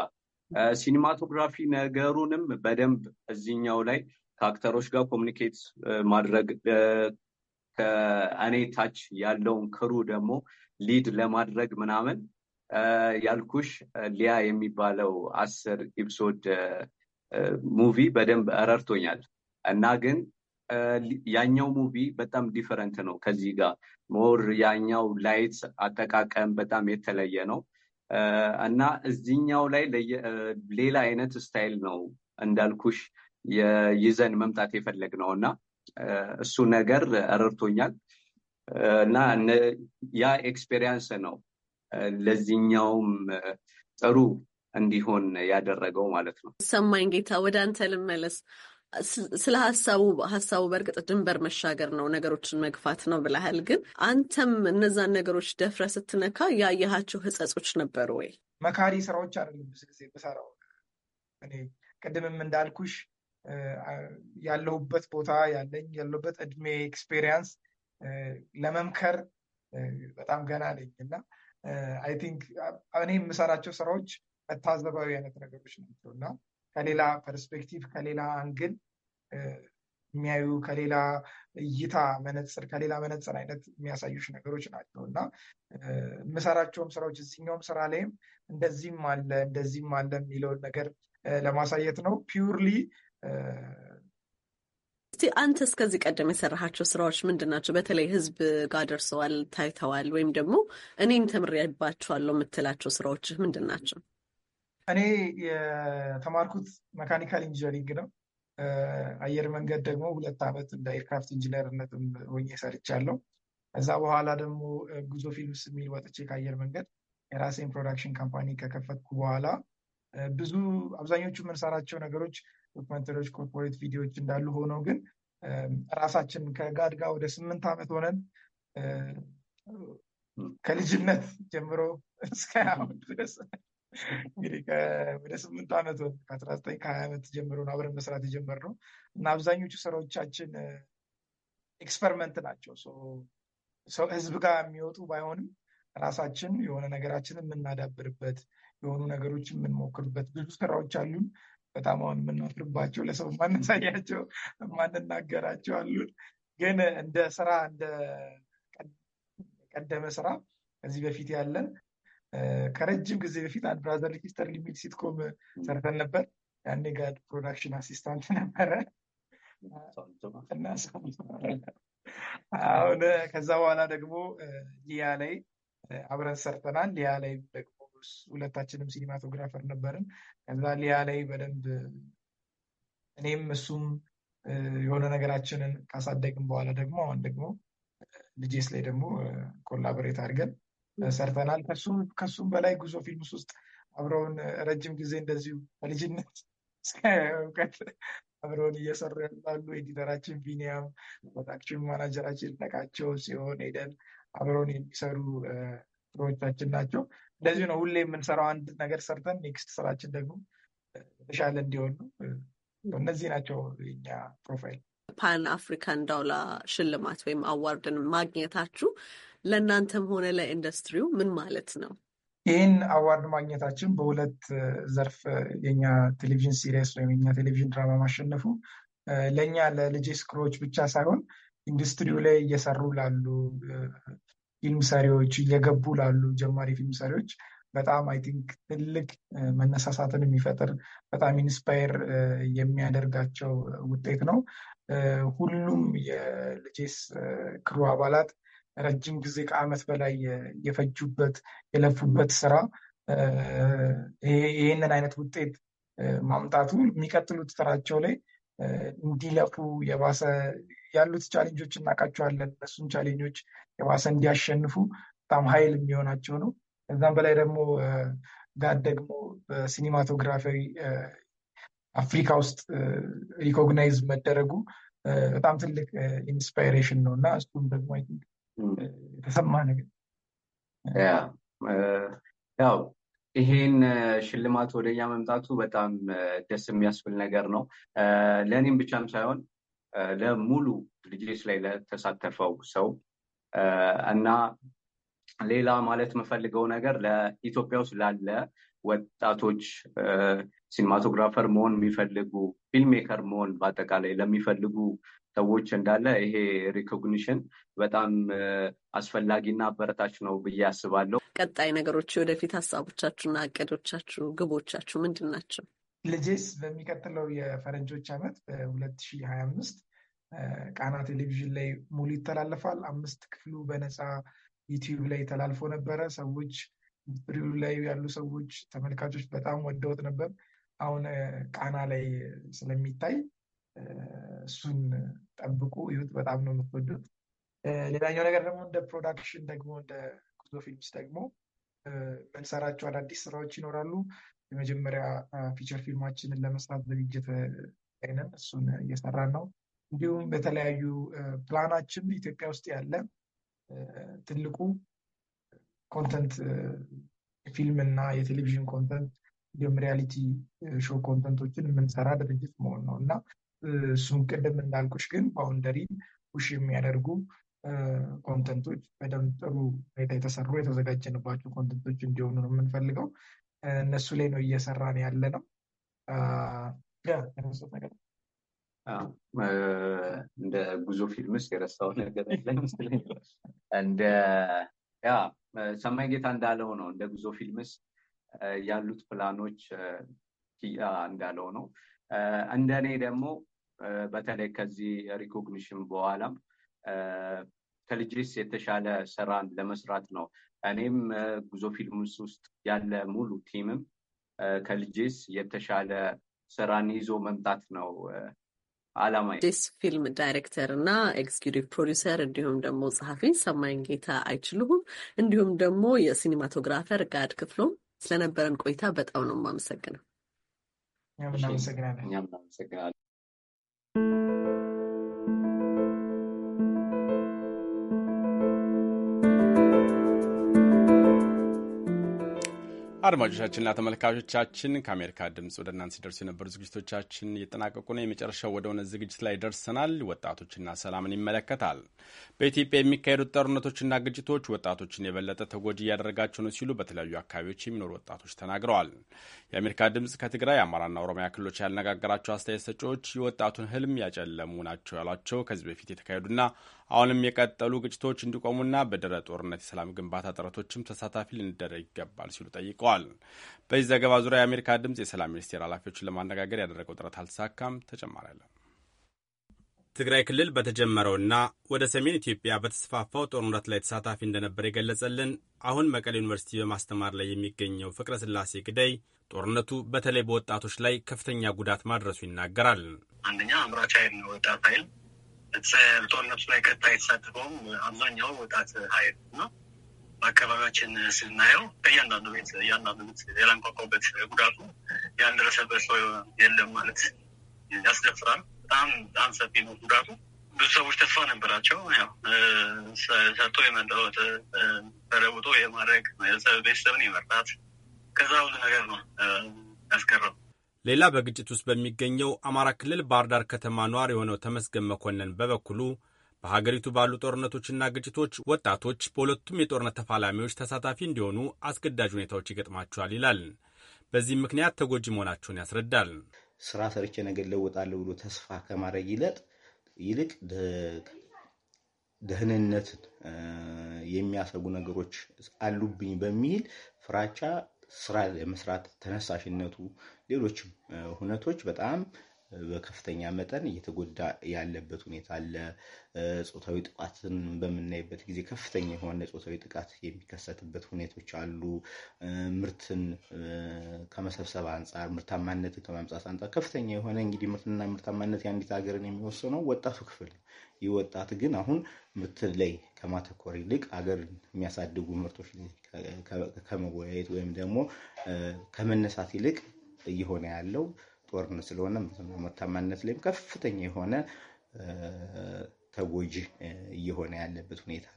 ሲኒማቶግራፊ ነገሩንም በደንብ እዚህኛው ላይ ከአክተሮች ጋር ኮሚኒኬት ማድረግ ከእኔ ታች ያለውን ክሩ ደግሞ ሊድ ለማድረግ ምናምን ያልኩሽ ሊያ የሚባለው አስር ኤፒሶድ ሙቪ በደንብ ረድቶኛል እና ግን ያኛው ሙቪ በጣም ዲፈረንት ነው ከዚህ ጋር ሞር ያኛው ላይት አጠቃቀም በጣም የተለየ ነው እና እዚኛው ላይ ሌላ አይነት ስታይል ነው እንዳልኩሽ ይዘን መምጣት የፈለግ ነው እና እሱ ነገር ረድቶኛል። እና ያ ኤክስፔሪንስ ነው ለዚህኛውም ጥሩ እንዲሆን ያደረገው ማለት ነው። ሰማኝ ጌታ፣ ወደ አንተ ልመለስ። ስለ ሀሳቡ ሀሳቡ በእርግጥ ድንበር መሻገር ነው፣ ነገሮችን መግፋት ነው ብለሃል። ግን አንተም እነዛን ነገሮች ደፍረ ስትነካ ያየሃቸው ህጸጾች ነበሩ ወይ? መካሪ ስራዎች አይደለም ብዙ ጊዜ የምሰራው እኔ ቅድምም እንዳልኩሽ ያለሁበት ቦታ ያለኝ ያለሁበት እድሜ ኤክስፔሪንስ ለመምከር በጣም ገና ነኝ እና አይ ቲንክ እኔ የምሰራቸው ስራዎች መታዘባዊ አይነት ነገሮች ናቸው እና ከሌላ ፐርስፔክቲቭ ከሌላ አንግል የሚያዩ ከሌላ እይታ መነፅር ከሌላ መነፅር አይነት የሚያሳዩች ነገሮች ናቸው እና የምሰራቸውም ስራዎች እዚኛውም ስራ ላይም እንደዚህም አለ እንደዚህም አለ የሚለውን ነገር ለማሳየት ነው ፒውርሊ እስቲ አንተ እስከዚህ ቀደም የሰራሃቸው ስራዎች ምንድን ናቸው? በተለይ ህዝብ ጋር ደርሰዋል፣ ታይተዋል፣ ወይም ደግሞ እኔም ተምሬባቸዋለሁ የምትላቸው ስራዎች ምንድን ናቸው? እኔ የተማርኩት መካኒካል ኢንጂነሪንግ ነው። አየር መንገድ ደግሞ ሁለት ዓመት እንደ ኤርክራፍት ኢንጂነርነትም ሆኜ ሰርቻለሁ። ከዛ በኋላ ደግሞ ጉዞ ፊልምስ የሚል ወጥቼ ከአየር መንገድ የራሴን ፕሮዳክሽን ካምፓኒ ከከፈትኩ በኋላ ብዙ አብዛኞቹ የምንሰራቸው ነገሮች ዶክመንተሪዎች፣ ኮርፖሬት ቪዲዮዎች እንዳሉ ሆነው ግን ራሳችን ከጋድ ጋር ወደ ስምንት ዓመት ሆነን ከልጅነት ጀምሮ እስከ አሁን ድረስ እንግዲህ ወደ ስምንት ዓመት ወ ከአስራ ዘጠኝ ከሀያ ዓመት ጀምሮ አብረን መስራት የጀመርነው እና አብዛኞቹ ስራዎቻችን ኤክስፐሪመንት ናቸው። ሰው ህዝብ ጋር የሚወጡ ባይሆንም ራሳችን የሆነ ነገራችን የምናዳብርበት የሆኑ ነገሮች የምንሞክርበት ብዙ ስራዎች አሉን። በጣም አሁን የምናፍርባቸው ለሰው ማነሳያቸው ማንናገራቸው አሉን። ግን እንደ ስራ እንደ ቀደመ ስራ ከዚህ በፊት ያለን ከረጅም ጊዜ በፊት አንድ ብራዘር ሪጅስተር ሊሚት ሲትኮም ሰርተን ነበር። ያኔ ጋር ፕሮዳክሽን አሲስታንት ነበረ እና አሁን ከዛ በኋላ ደግሞ ሊያ ላይ አብረን ሰርተናል። ሊያ ላይ ደግሞ ኦርቶዶክስ ሁለታችንም ሲኒማቶግራፈር ነበርን። ከዛ ሊያ ላይ በደንብ እኔም እሱም የሆነ ነገራችንን ካሳደግን በኋላ ደግሞ አሁን ደግሞ ልጄስ ላይ ደግሞ ኮላቦሬት አድርገን ሰርተናል። ከሱም በላይ ጉዞ ፊልምስ ውስጥ አብረውን ረጅም ጊዜ እንደዚሁ በልጅነት እስከ እውቀት አብረውን እየሰሩ ያሉ ኤዲተራችን ቢኒያም፣ ወጣችን ማናጀራችን ነቃቸው ሲሆን ሄደን አብረውን የሚሰሩ ጥሮቻችን ናቸው። እንደዚሁ ነው ሁሌ የምንሰራው አንድ ነገር ሰርተን ኔክስት ስራችን ደግሞ የተሻለ እንዲሆኑ እነዚህ ናቸው የኛ ፕሮፋይል። ፓን አፍሪካን ዳውላ ሽልማት ወይም አዋርድን ማግኘታችሁ ለእናንተም ሆነ ለኢንዱስትሪው ምን ማለት ነው? ይህን አዋርድ ማግኘታችን በሁለት ዘርፍ የኛ ቴሌቪዥን ሲሪየስ ወይም የኛ ቴሌቪዥን ድራማ ማሸነፉ ለእኛ ለልጅ ስክሮች ብቻ ሳይሆን ኢንዱስትሪው ላይ እየሰሩ ላሉ ፊልም ሰሪዎች እየገቡ ላሉ ጀማሪ ፊልም ሰሪዎች በጣም አይ ቲንክ ትልቅ መነሳሳትን የሚፈጥር በጣም ኢንስፓየር የሚያደርጋቸው ውጤት ነው። ሁሉም የልጄስ ክሩ አባላት ረጅም ጊዜ ከዓመት በላይ የፈጁበት የለፉበት ስራ ይህንን አይነት ውጤት ማምጣቱ የሚቀጥሉት ስራቸው ላይ እንዲለፉ የባሰ ያሉት ቻሌንጆች እናውቃቸዋለን። እነሱን ቻሌንጆች የባሰ እንዲያሸንፉ በጣም ኃይል የሚሆናቸው ነው። ከዛም በላይ ደግሞ ጋር ደግሞ በሲኒማቶግራፊያዊ አፍሪካ ውስጥ ሪኮግናይዝ መደረጉ በጣም ትልቅ ኢንስፓይሬሽን ነው እና እሱም ደግሞ የተሰማ ነገር ያው ይሄን ሽልማት ወደኛ መምጣቱ በጣም ደስ የሚያስብል ነገር ነው። ለእኔም ብቻም ሳይሆን ለሙሉ ድርጅት ላይ ለተሳተፈው ሰው እና ሌላ ማለት የምፈልገው ነገር ለኢትዮጵያ ውስጥ ላለ ወጣቶች ሲኒማቶግራፈር መሆን የሚፈልጉ ፊልሜከር ሜከር መሆን በአጠቃላይ ለሚፈልጉ ሰዎች እንዳለ ይሄ ሪኮግኒሽን በጣም አስፈላጊና አበረታች ነው ብዬ አስባለሁ። ቀጣይ ነገሮች፣ ወደፊት ሀሳቦቻችሁና እቅዶቻችሁ፣ ግቦቻችሁ ምንድን ናቸው? ልጄስ በሚቀጥለው የፈረንጆች ዓመት በ2025 ቃና ቴሌቪዥን ላይ ሙሉ ይተላለፋል። አምስት ክፍሉ በነፃ ዩቲዩብ ላይ ተላልፎ ነበረ። ሰዎች ብሪሉ ላይ ያሉ ሰዎች ተመልካቾች በጣም ወደውት ነበር። አሁን ቃና ላይ ስለሚታይ እሱን ጠብቁ ይሁት። በጣም ነው የምትወዱት። ሌላኛው ነገር ደግሞ እንደ ፕሮዳክሽን ደግሞ እንደ ጉዞ ፊልምስ ደግሞ የምንሰራቸው አዳዲስ ስራዎች ይኖራሉ። የመጀመሪያ ፊቸር ፊልማችንን ለመስራት ዝግጅት ላይ ነን። እሱን እየሰራን ነው። እንዲሁም በተለያዩ ፕላናችን ኢትዮጵያ ውስጥ ያለ ትልቁ ኮንተንት ፊልም እና የቴሌቪዥን ኮንተንት እንዲሁም ሪያሊቲ ሾው ኮንተንቶችን የምንሰራ ድርጅት መሆን ነው እና እሱን ቅድም እንዳልኩሽ ግን ባውንደሪ ውሽ የሚያደርጉ ኮንተንቶች በደንብ ጥሩ ሁኔታ የተሰሩ የተዘጋጀንባቸው ኮንተንቶች እንዲሆኑ ነው የምንፈልገው። እነሱ ላይ ነው እየሰራን ያለ ነው። እንደ ጉዞ ውስጥ የረሳው ነገር ይመስለኝ እንደ ያ ሰማይ ጌታ እንዳለው ነው። እንደ ጉዞ ፊልምስ ያሉት ፕላኖች ያ እንዳለው ነው። እንደ እኔ ደግሞ በተለይ ከዚህ ሪኮግኒሽን በኋላም ከልጅስ የተሻለ ስራን ለመስራት ነው እኔም ጉዞ ፊልምስ ውስጥ ያለ ሙሉ ቲምም ከልጄስ የተሻለ ስራን ይዞ መምጣት ነው አላማ ፊልም ዳይሬክተር እና ኤግዚኪቲቭ ፕሮዲሰር እንዲሁም ደግሞ ጸሐፊ ሰማይን ጌታ አይችልሁም እንዲሁም ደግሞ የሲኒማቶግራፈር ጋድ ክፍሎም ስለነበረን ቆይታ በጣም ነው የማመሰግነው። እኛም እናመሰግናለን። አድማጮቻችንና ተመልካቾቻችን ከአሜሪካ ድምፅ ወደ እናንተ ሲደርሱ የነበሩ ዝግጅቶቻችን እየጠናቀቁ ነው። የመጨረሻው ወደ ሆነ ዝግጅት ላይ ደርሰናል። ወጣቶችና ሰላምን ይመለከታል። በኢትዮጵያ የሚካሄዱት ጦርነቶችና ግጭቶች ወጣቶችን የበለጠ ተጎጂ እያደረጋቸው ነው ሲሉ በተለያዩ አካባቢዎች የሚኖሩ ወጣቶች ተናግረዋል። የአሜሪካ ድምፅ ከትግራይ አማራና ኦሮሚያ ክልሎች ያነጋገራቸው አስተያየት ሰጪዎች የወጣቱን ህልም ያጨለሙ ናቸው ያሏቸው ከዚህ በፊት የተካሄዱና አሁንም የቀጠሉ ግጭቶች እንዲቆሙና በድረ ጦርነት የሰላም ግንባታ ጥረቶችም ተሳታፊ ልንደረግ ይገባል ሲሉ ጠይቀዋል። በዚህ ዘገባ ዙሪያ የአሜሪካ ድምፅ የሰላም ሚኒስቴር ኃላፊዎችን ለማነጋገር ያደረገው ጥረት አልተሳካም። ተጨማሪ አለ ትግራይ ክልል በተጀመረውና ወደ ሰሜን ኢትዮጵያ በተስፋፋው ጦርነት ላይ ተሳታፊ እንደነበር የገለጸልን አሁን መቀሌ ዩኒቨርሲቲ በማስተማር ላይ የሚገኘው ፍቅረ ስላሴ ግዳይ ጦርነቱ በተለይ በወጣቶች ላይ ከፍተኛ ጉዳት ማድረሱ ይናገራል። አንደኛ አምራች ኃይል ወጣት ኃይል ጦርነቱ ላይ ቀጥታ የተሳተፈውም አብዛኛው ወጣት ሀይል ነው። በአካባቢያችን ስናየው እያንዳንዱ ቤት እያንዳንዱ ቤት ያላንቋቋበት ጉዳቱ ያልደረሰበት ሰው የለም ማለት ያስደፍራል። በጣም በጣም ሰፊ ነው ጉዳቱ። ብዙ ሰዎች ተስፋ ነበራቸው። ያው ሰጥቶ የመለወጥ ተለውጦ የማድረግ ቤተሰብን የመርዳት ከዛ ሁሉ ነገር ነው ያስቀረው። ሌላ በግጭት ውስጥ በሚገኘው አማራ ክልል ባህር ዳር ከተማ ኗር የሆነው ተመስገን መኮንን በበኩሉ በሀገሪቱ ባሉ ጦርነቶችና ግጭቶች ወጣቶች በሁለቱም የጦርነት ተፋላሚዎች ተሳታፊ እንዲሆኑ አስገዳጅ ሁኔታዎች ይገጥማቸዋል ይላል። በዚህም ምክንያት ተጎጂ መሆናቸውን ያስረዳል። ስራ ሰርቼ ነገር ለወጣለሁ ብሎ ተስፋ ከማድረግ ይለጥ ይልቅ ደህንነት የሚያሰጉ ነገሮች አሉብኝ በሚል ፍራቻ ስራ ለመስራት ተነሳሽነቱ ሌሎችም ሁነቶች በጣም በከፍተኛ መጠን እየተጎዳ ያለበት ሁኔታ አለ። ጾታዊ ጥቃትን በምናይበት ጊዜ ከፍተኛ የሆነ ጾታዊ ጥቃት የሚከሰትበት ሁኔቶች አሉ። ምርትን ከመሰብሰብ አንጻር፣ ምርታማነትን ከማምጻት አንጻር ከፍተኛ የሆነ እንግዲህ ምርትና ምርታማነት የአንዲት ሀገርን የሚወስነው ወጣቱ ክፍል ነው። ይህ ወጣት ግን አሁን ምርት ላይ ከማተኮር ይልቅ ሀገርን የሚያሳድጉ ምርቶች ከመወያየት ወይም ደግሞ ከመነሳት ይልቅ እየሆነ ያለው ጦርነት ስለሆነ ምርታማነት ላይም ከፍተኛ የሆነ ተጎጂ እየሆነ ያለበት ሁኔታ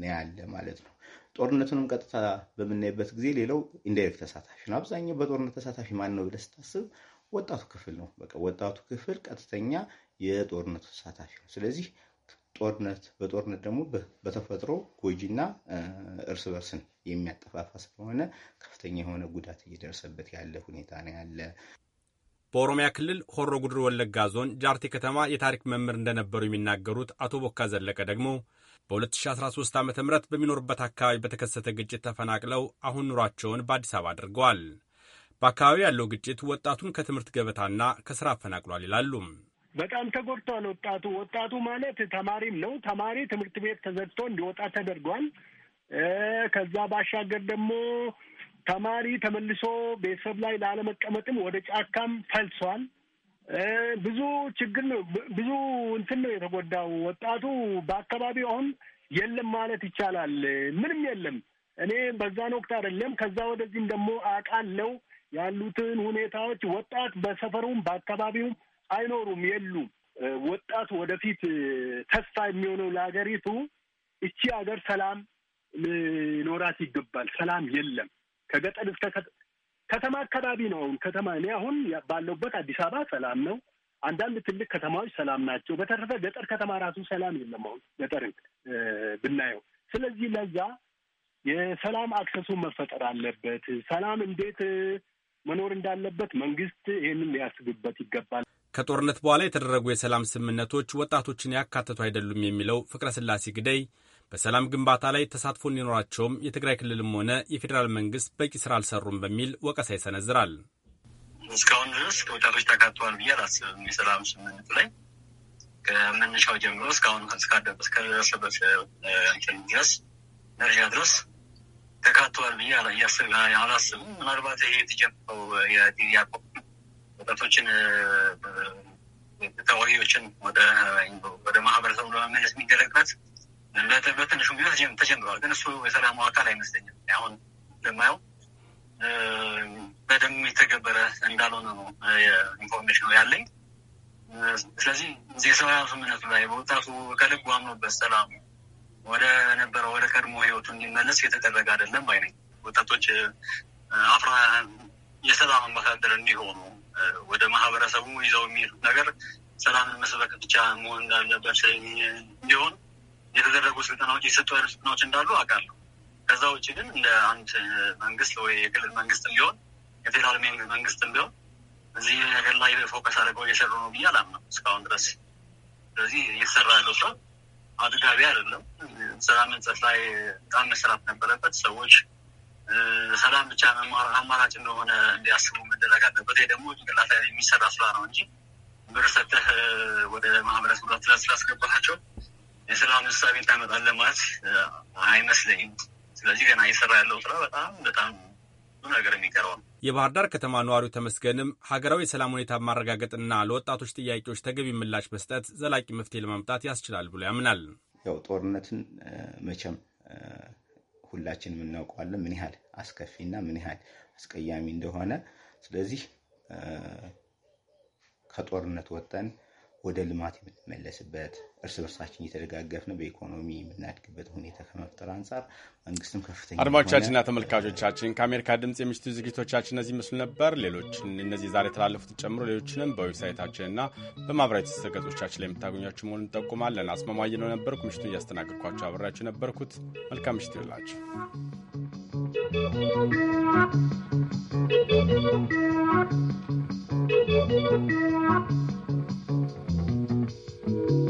ነው ያለ ማለት ነው። ጦርነቱንም ቀጥታ በምናይበት ጊዜ ሌላው ኢንዳይሬክት ተሳታፊ ነው። አብዛኛው በጦርነት ተሳታፊ ማን ነው ብለህ ስታስብ ወጣቱ ክፍል ነው። በቃ ወጣቱ ክፍል ቀጥተኛ የጦርነቱ ተሳታፊ ነው። ስለዚህ ጦርነት በጦርነት ደግሞ በተፈጥሮ ጎጂና እርስ በርስን የሚያጠፋፋ ስለሆነ ከፍተኛ የሆነ ጉዳት እየደረሰበት ያለ ሁኔታ ነው ያለ። በኦሮሚያ ክልል ሆሮ ጉድር ወለጋ ዞን ጃርቴ ከተማ የታሪክ መምህር እንደነበሩ የሚናገሩት አቶ ቦካ ዘለቀ ደግሞ በ2013 ዓ ም በሚኖሩበት አካባቢ በተከሰተ ግጭት ተፈናቅለው አሁን ኑሯቸውን በአዲስ አበባ አድርገዋል። በአካባቢው ያለው ግጭት ወጣቱን ከትምህርት ገበታና ከስራ አፈናቅሏል ይላሉ። በጣም ተጎድቷል ወጣቱ። ወጣቱ ማለት ተማሪም ነው። ተማሪ ትምህርት ቤት ተዘግቶ እንዲወጣ ተደርጓል። ከዛ ባሻገር ደግሞ ተማሪ ተመልሶ ቤተሰብ ላይ ላለመቀመጥም ወደ ጫካም ፈልሷል። ብዙ ችግር ነው፣ ብዙ እንትን ነው የተጎዳው ወጣቱ። በአካባቢው አሁን የለም ማለት ይቻላል፣ ምንም የለም። እኔ በዛን ወቅት አይደለም ከዛ ወደዚህም ደግሞ አውቃለሁ ያሉትን ሁኔታዎች። ወጣት በሰፈሩም በአካባቢውም አይኖሩም፣ የሉም። ወጣቱ ወደፊት ተስፋ የሚሆነው ለሀገሪቱ እቺ ሀገር ሰላም ሊኖራት ይገባል። ሰላም የለም። ከገጠር እስከ ከተማ አካባቢ ነው። አሁን ከተማ እኔ አሁን ባለውበት አዲስ አበባ ሰላም ነው። አንዳንድ ትልቅ ከተማዎች ሰላም ናቸው። በተረፈ ገጠር ከተማ ራሱ ሰላም የለም። አሁን ገጠርን ብናየው፣ ስለዚህ ለዛ የሰላም አክሰሱ መፈጠር አለበት። ሰላም እንዴት መኖር እንዳለበት መንግስት ይህንን ሊያስብበት ይገባል። ከጦርነት በኋላ የተደረጉ የሰላም ስምምነቶች ወጣቶችን ያካተቱ አይደሉም የሚለው ፍቅረ ስላሴ ግደይ በሰላም ግንባታ ላይ ተሳትፎ እንዲኖራቸውም የትግራይ ክልልም ሆነ የፌዴራል መንግስት በቂ ስራ አልሰሩም በሚል ወቀሳ ይሰነዝራል። እስካሁን ድረስ ወጣቶች ተካተዋል ብዬ አላስብም። የሰላም ስምምነቱ ላይ ከመነሻው ጀምሮ እስካሁን እስከደረሰበት እንትን ድረስ ደረጃ ድረስ ተካተዋል ብዬ አላስብም። ምናልባት ይሄ የተጀመረው ወጣቶችን ተዋጊዎችን ወደ ማህበረሰቡ ለመመለስ የሚደረግበት በትንሹ ቢሆን ተጀምረዋል። ግን እሱ የሰላሙ አካል አይመስለኝም። አሁን እንደማየው በደንብ የተገበረ እንዳልሆነ ነው ኢንፎርሜሽን ያለኝ። ስለዚህ እዚህ ስምምነቱ ላይ በወጣቱ ከልብ አምኖበት ሰላሙ ወደ ነበረው ወደ ቀድሞ ህይወቱ እንዲመለስ የተደረገ አይደለም አይነኝ ወጣቶች አፍራ የሰላም አምባሳደር እንዲሆኑ ወደ ማህበረሰቡ ይዘው የሚሄዱት ነገር ሰላም መስበክ ብቻ መሆን እንዳለበት እንዲሆን የተደረጉ ስልጠናዎች የሰጡ ያሉ ስልጠናዎች እንዳሉ አውቃለሁ። ከዛ ውጭ ግን እንደ አንድ መንግስት ወይ የክልል መንግስት ቢሆን የፌዴራል መንግስት ቢሆን እዚህ ነገር ላይ ፎከስ አድርገው እየሰሩ ነው ብዬ አላምነው እስካሁን ድረስ። ስለዚህ እየተሰራ ያለው ስራ አጥጋቢ አይደለም። ስራ መንጸት ላይ በጣም መሰራት ነበረበት ሰዎች ሰላም ብቻ አማራጭ እንደሆነ እንዲያስቡ መደረግ አለበት። ይህ ደግሞ ጭንቅላት ላይ የሚሰራ ስራ ነው እንጂ ብር ሰተህ ወደ ማህበረሰብ ስራ ስላስገባቸው የሰላም እሳቤ ታመጣለህ ማለት አይመስለኝም። ስለዚህ ገና እየሰራ ያለው ስራ በጣም በጣም ብዙ የባህር ዳር ከተማ ነዋሪው ተመስገንም ሀገራዊ የሰላም ሁኔታ ማረጋገጥና ለወጣቶች ጥያቄዎች ተገቢ ምላሽ መስጠት ዘላቂ መፍትሄ ለማምጣት ያስችላል ብሎ ያምናል። ያው ጦርነትን መቼም ሁላችንም እናውቀዋለን ምን ያህል አስከፊና ምን ያህል አስቀያሚ እንደሆነ። ስለዚህ ከጦርነት ወጠን ወደ ልማት የምንመለስበት እርስ በርሳችን እየተደጋገፍን በኢኮኖሚ የምናድግበት ሁኔታ ከመፍጠር አንጻር መንግስትም ከፍተኛ አድማጮቻችንና ተመልካቾቻችን ከአሜሪካ ድምፅ የምሽቱ ዝግጅቶቻችን እነዚህ ይመስሉ ነበር። ሌሎችን እነዚህ ዛሬ የተላለፉት ጨምሮ ሌሎችንም በዌብሳይታችንና በማህበራዊ ትስስር ገጾቻችን ላይ የምታገኟቸው መሆኑን እንጠቁማለን። አስማማኝ ነው ነበርኩ። ምሽቱን እያስተናገድኳቸው አብሬያቸው ነበርኩት መልካም ምሽት ይላችሁ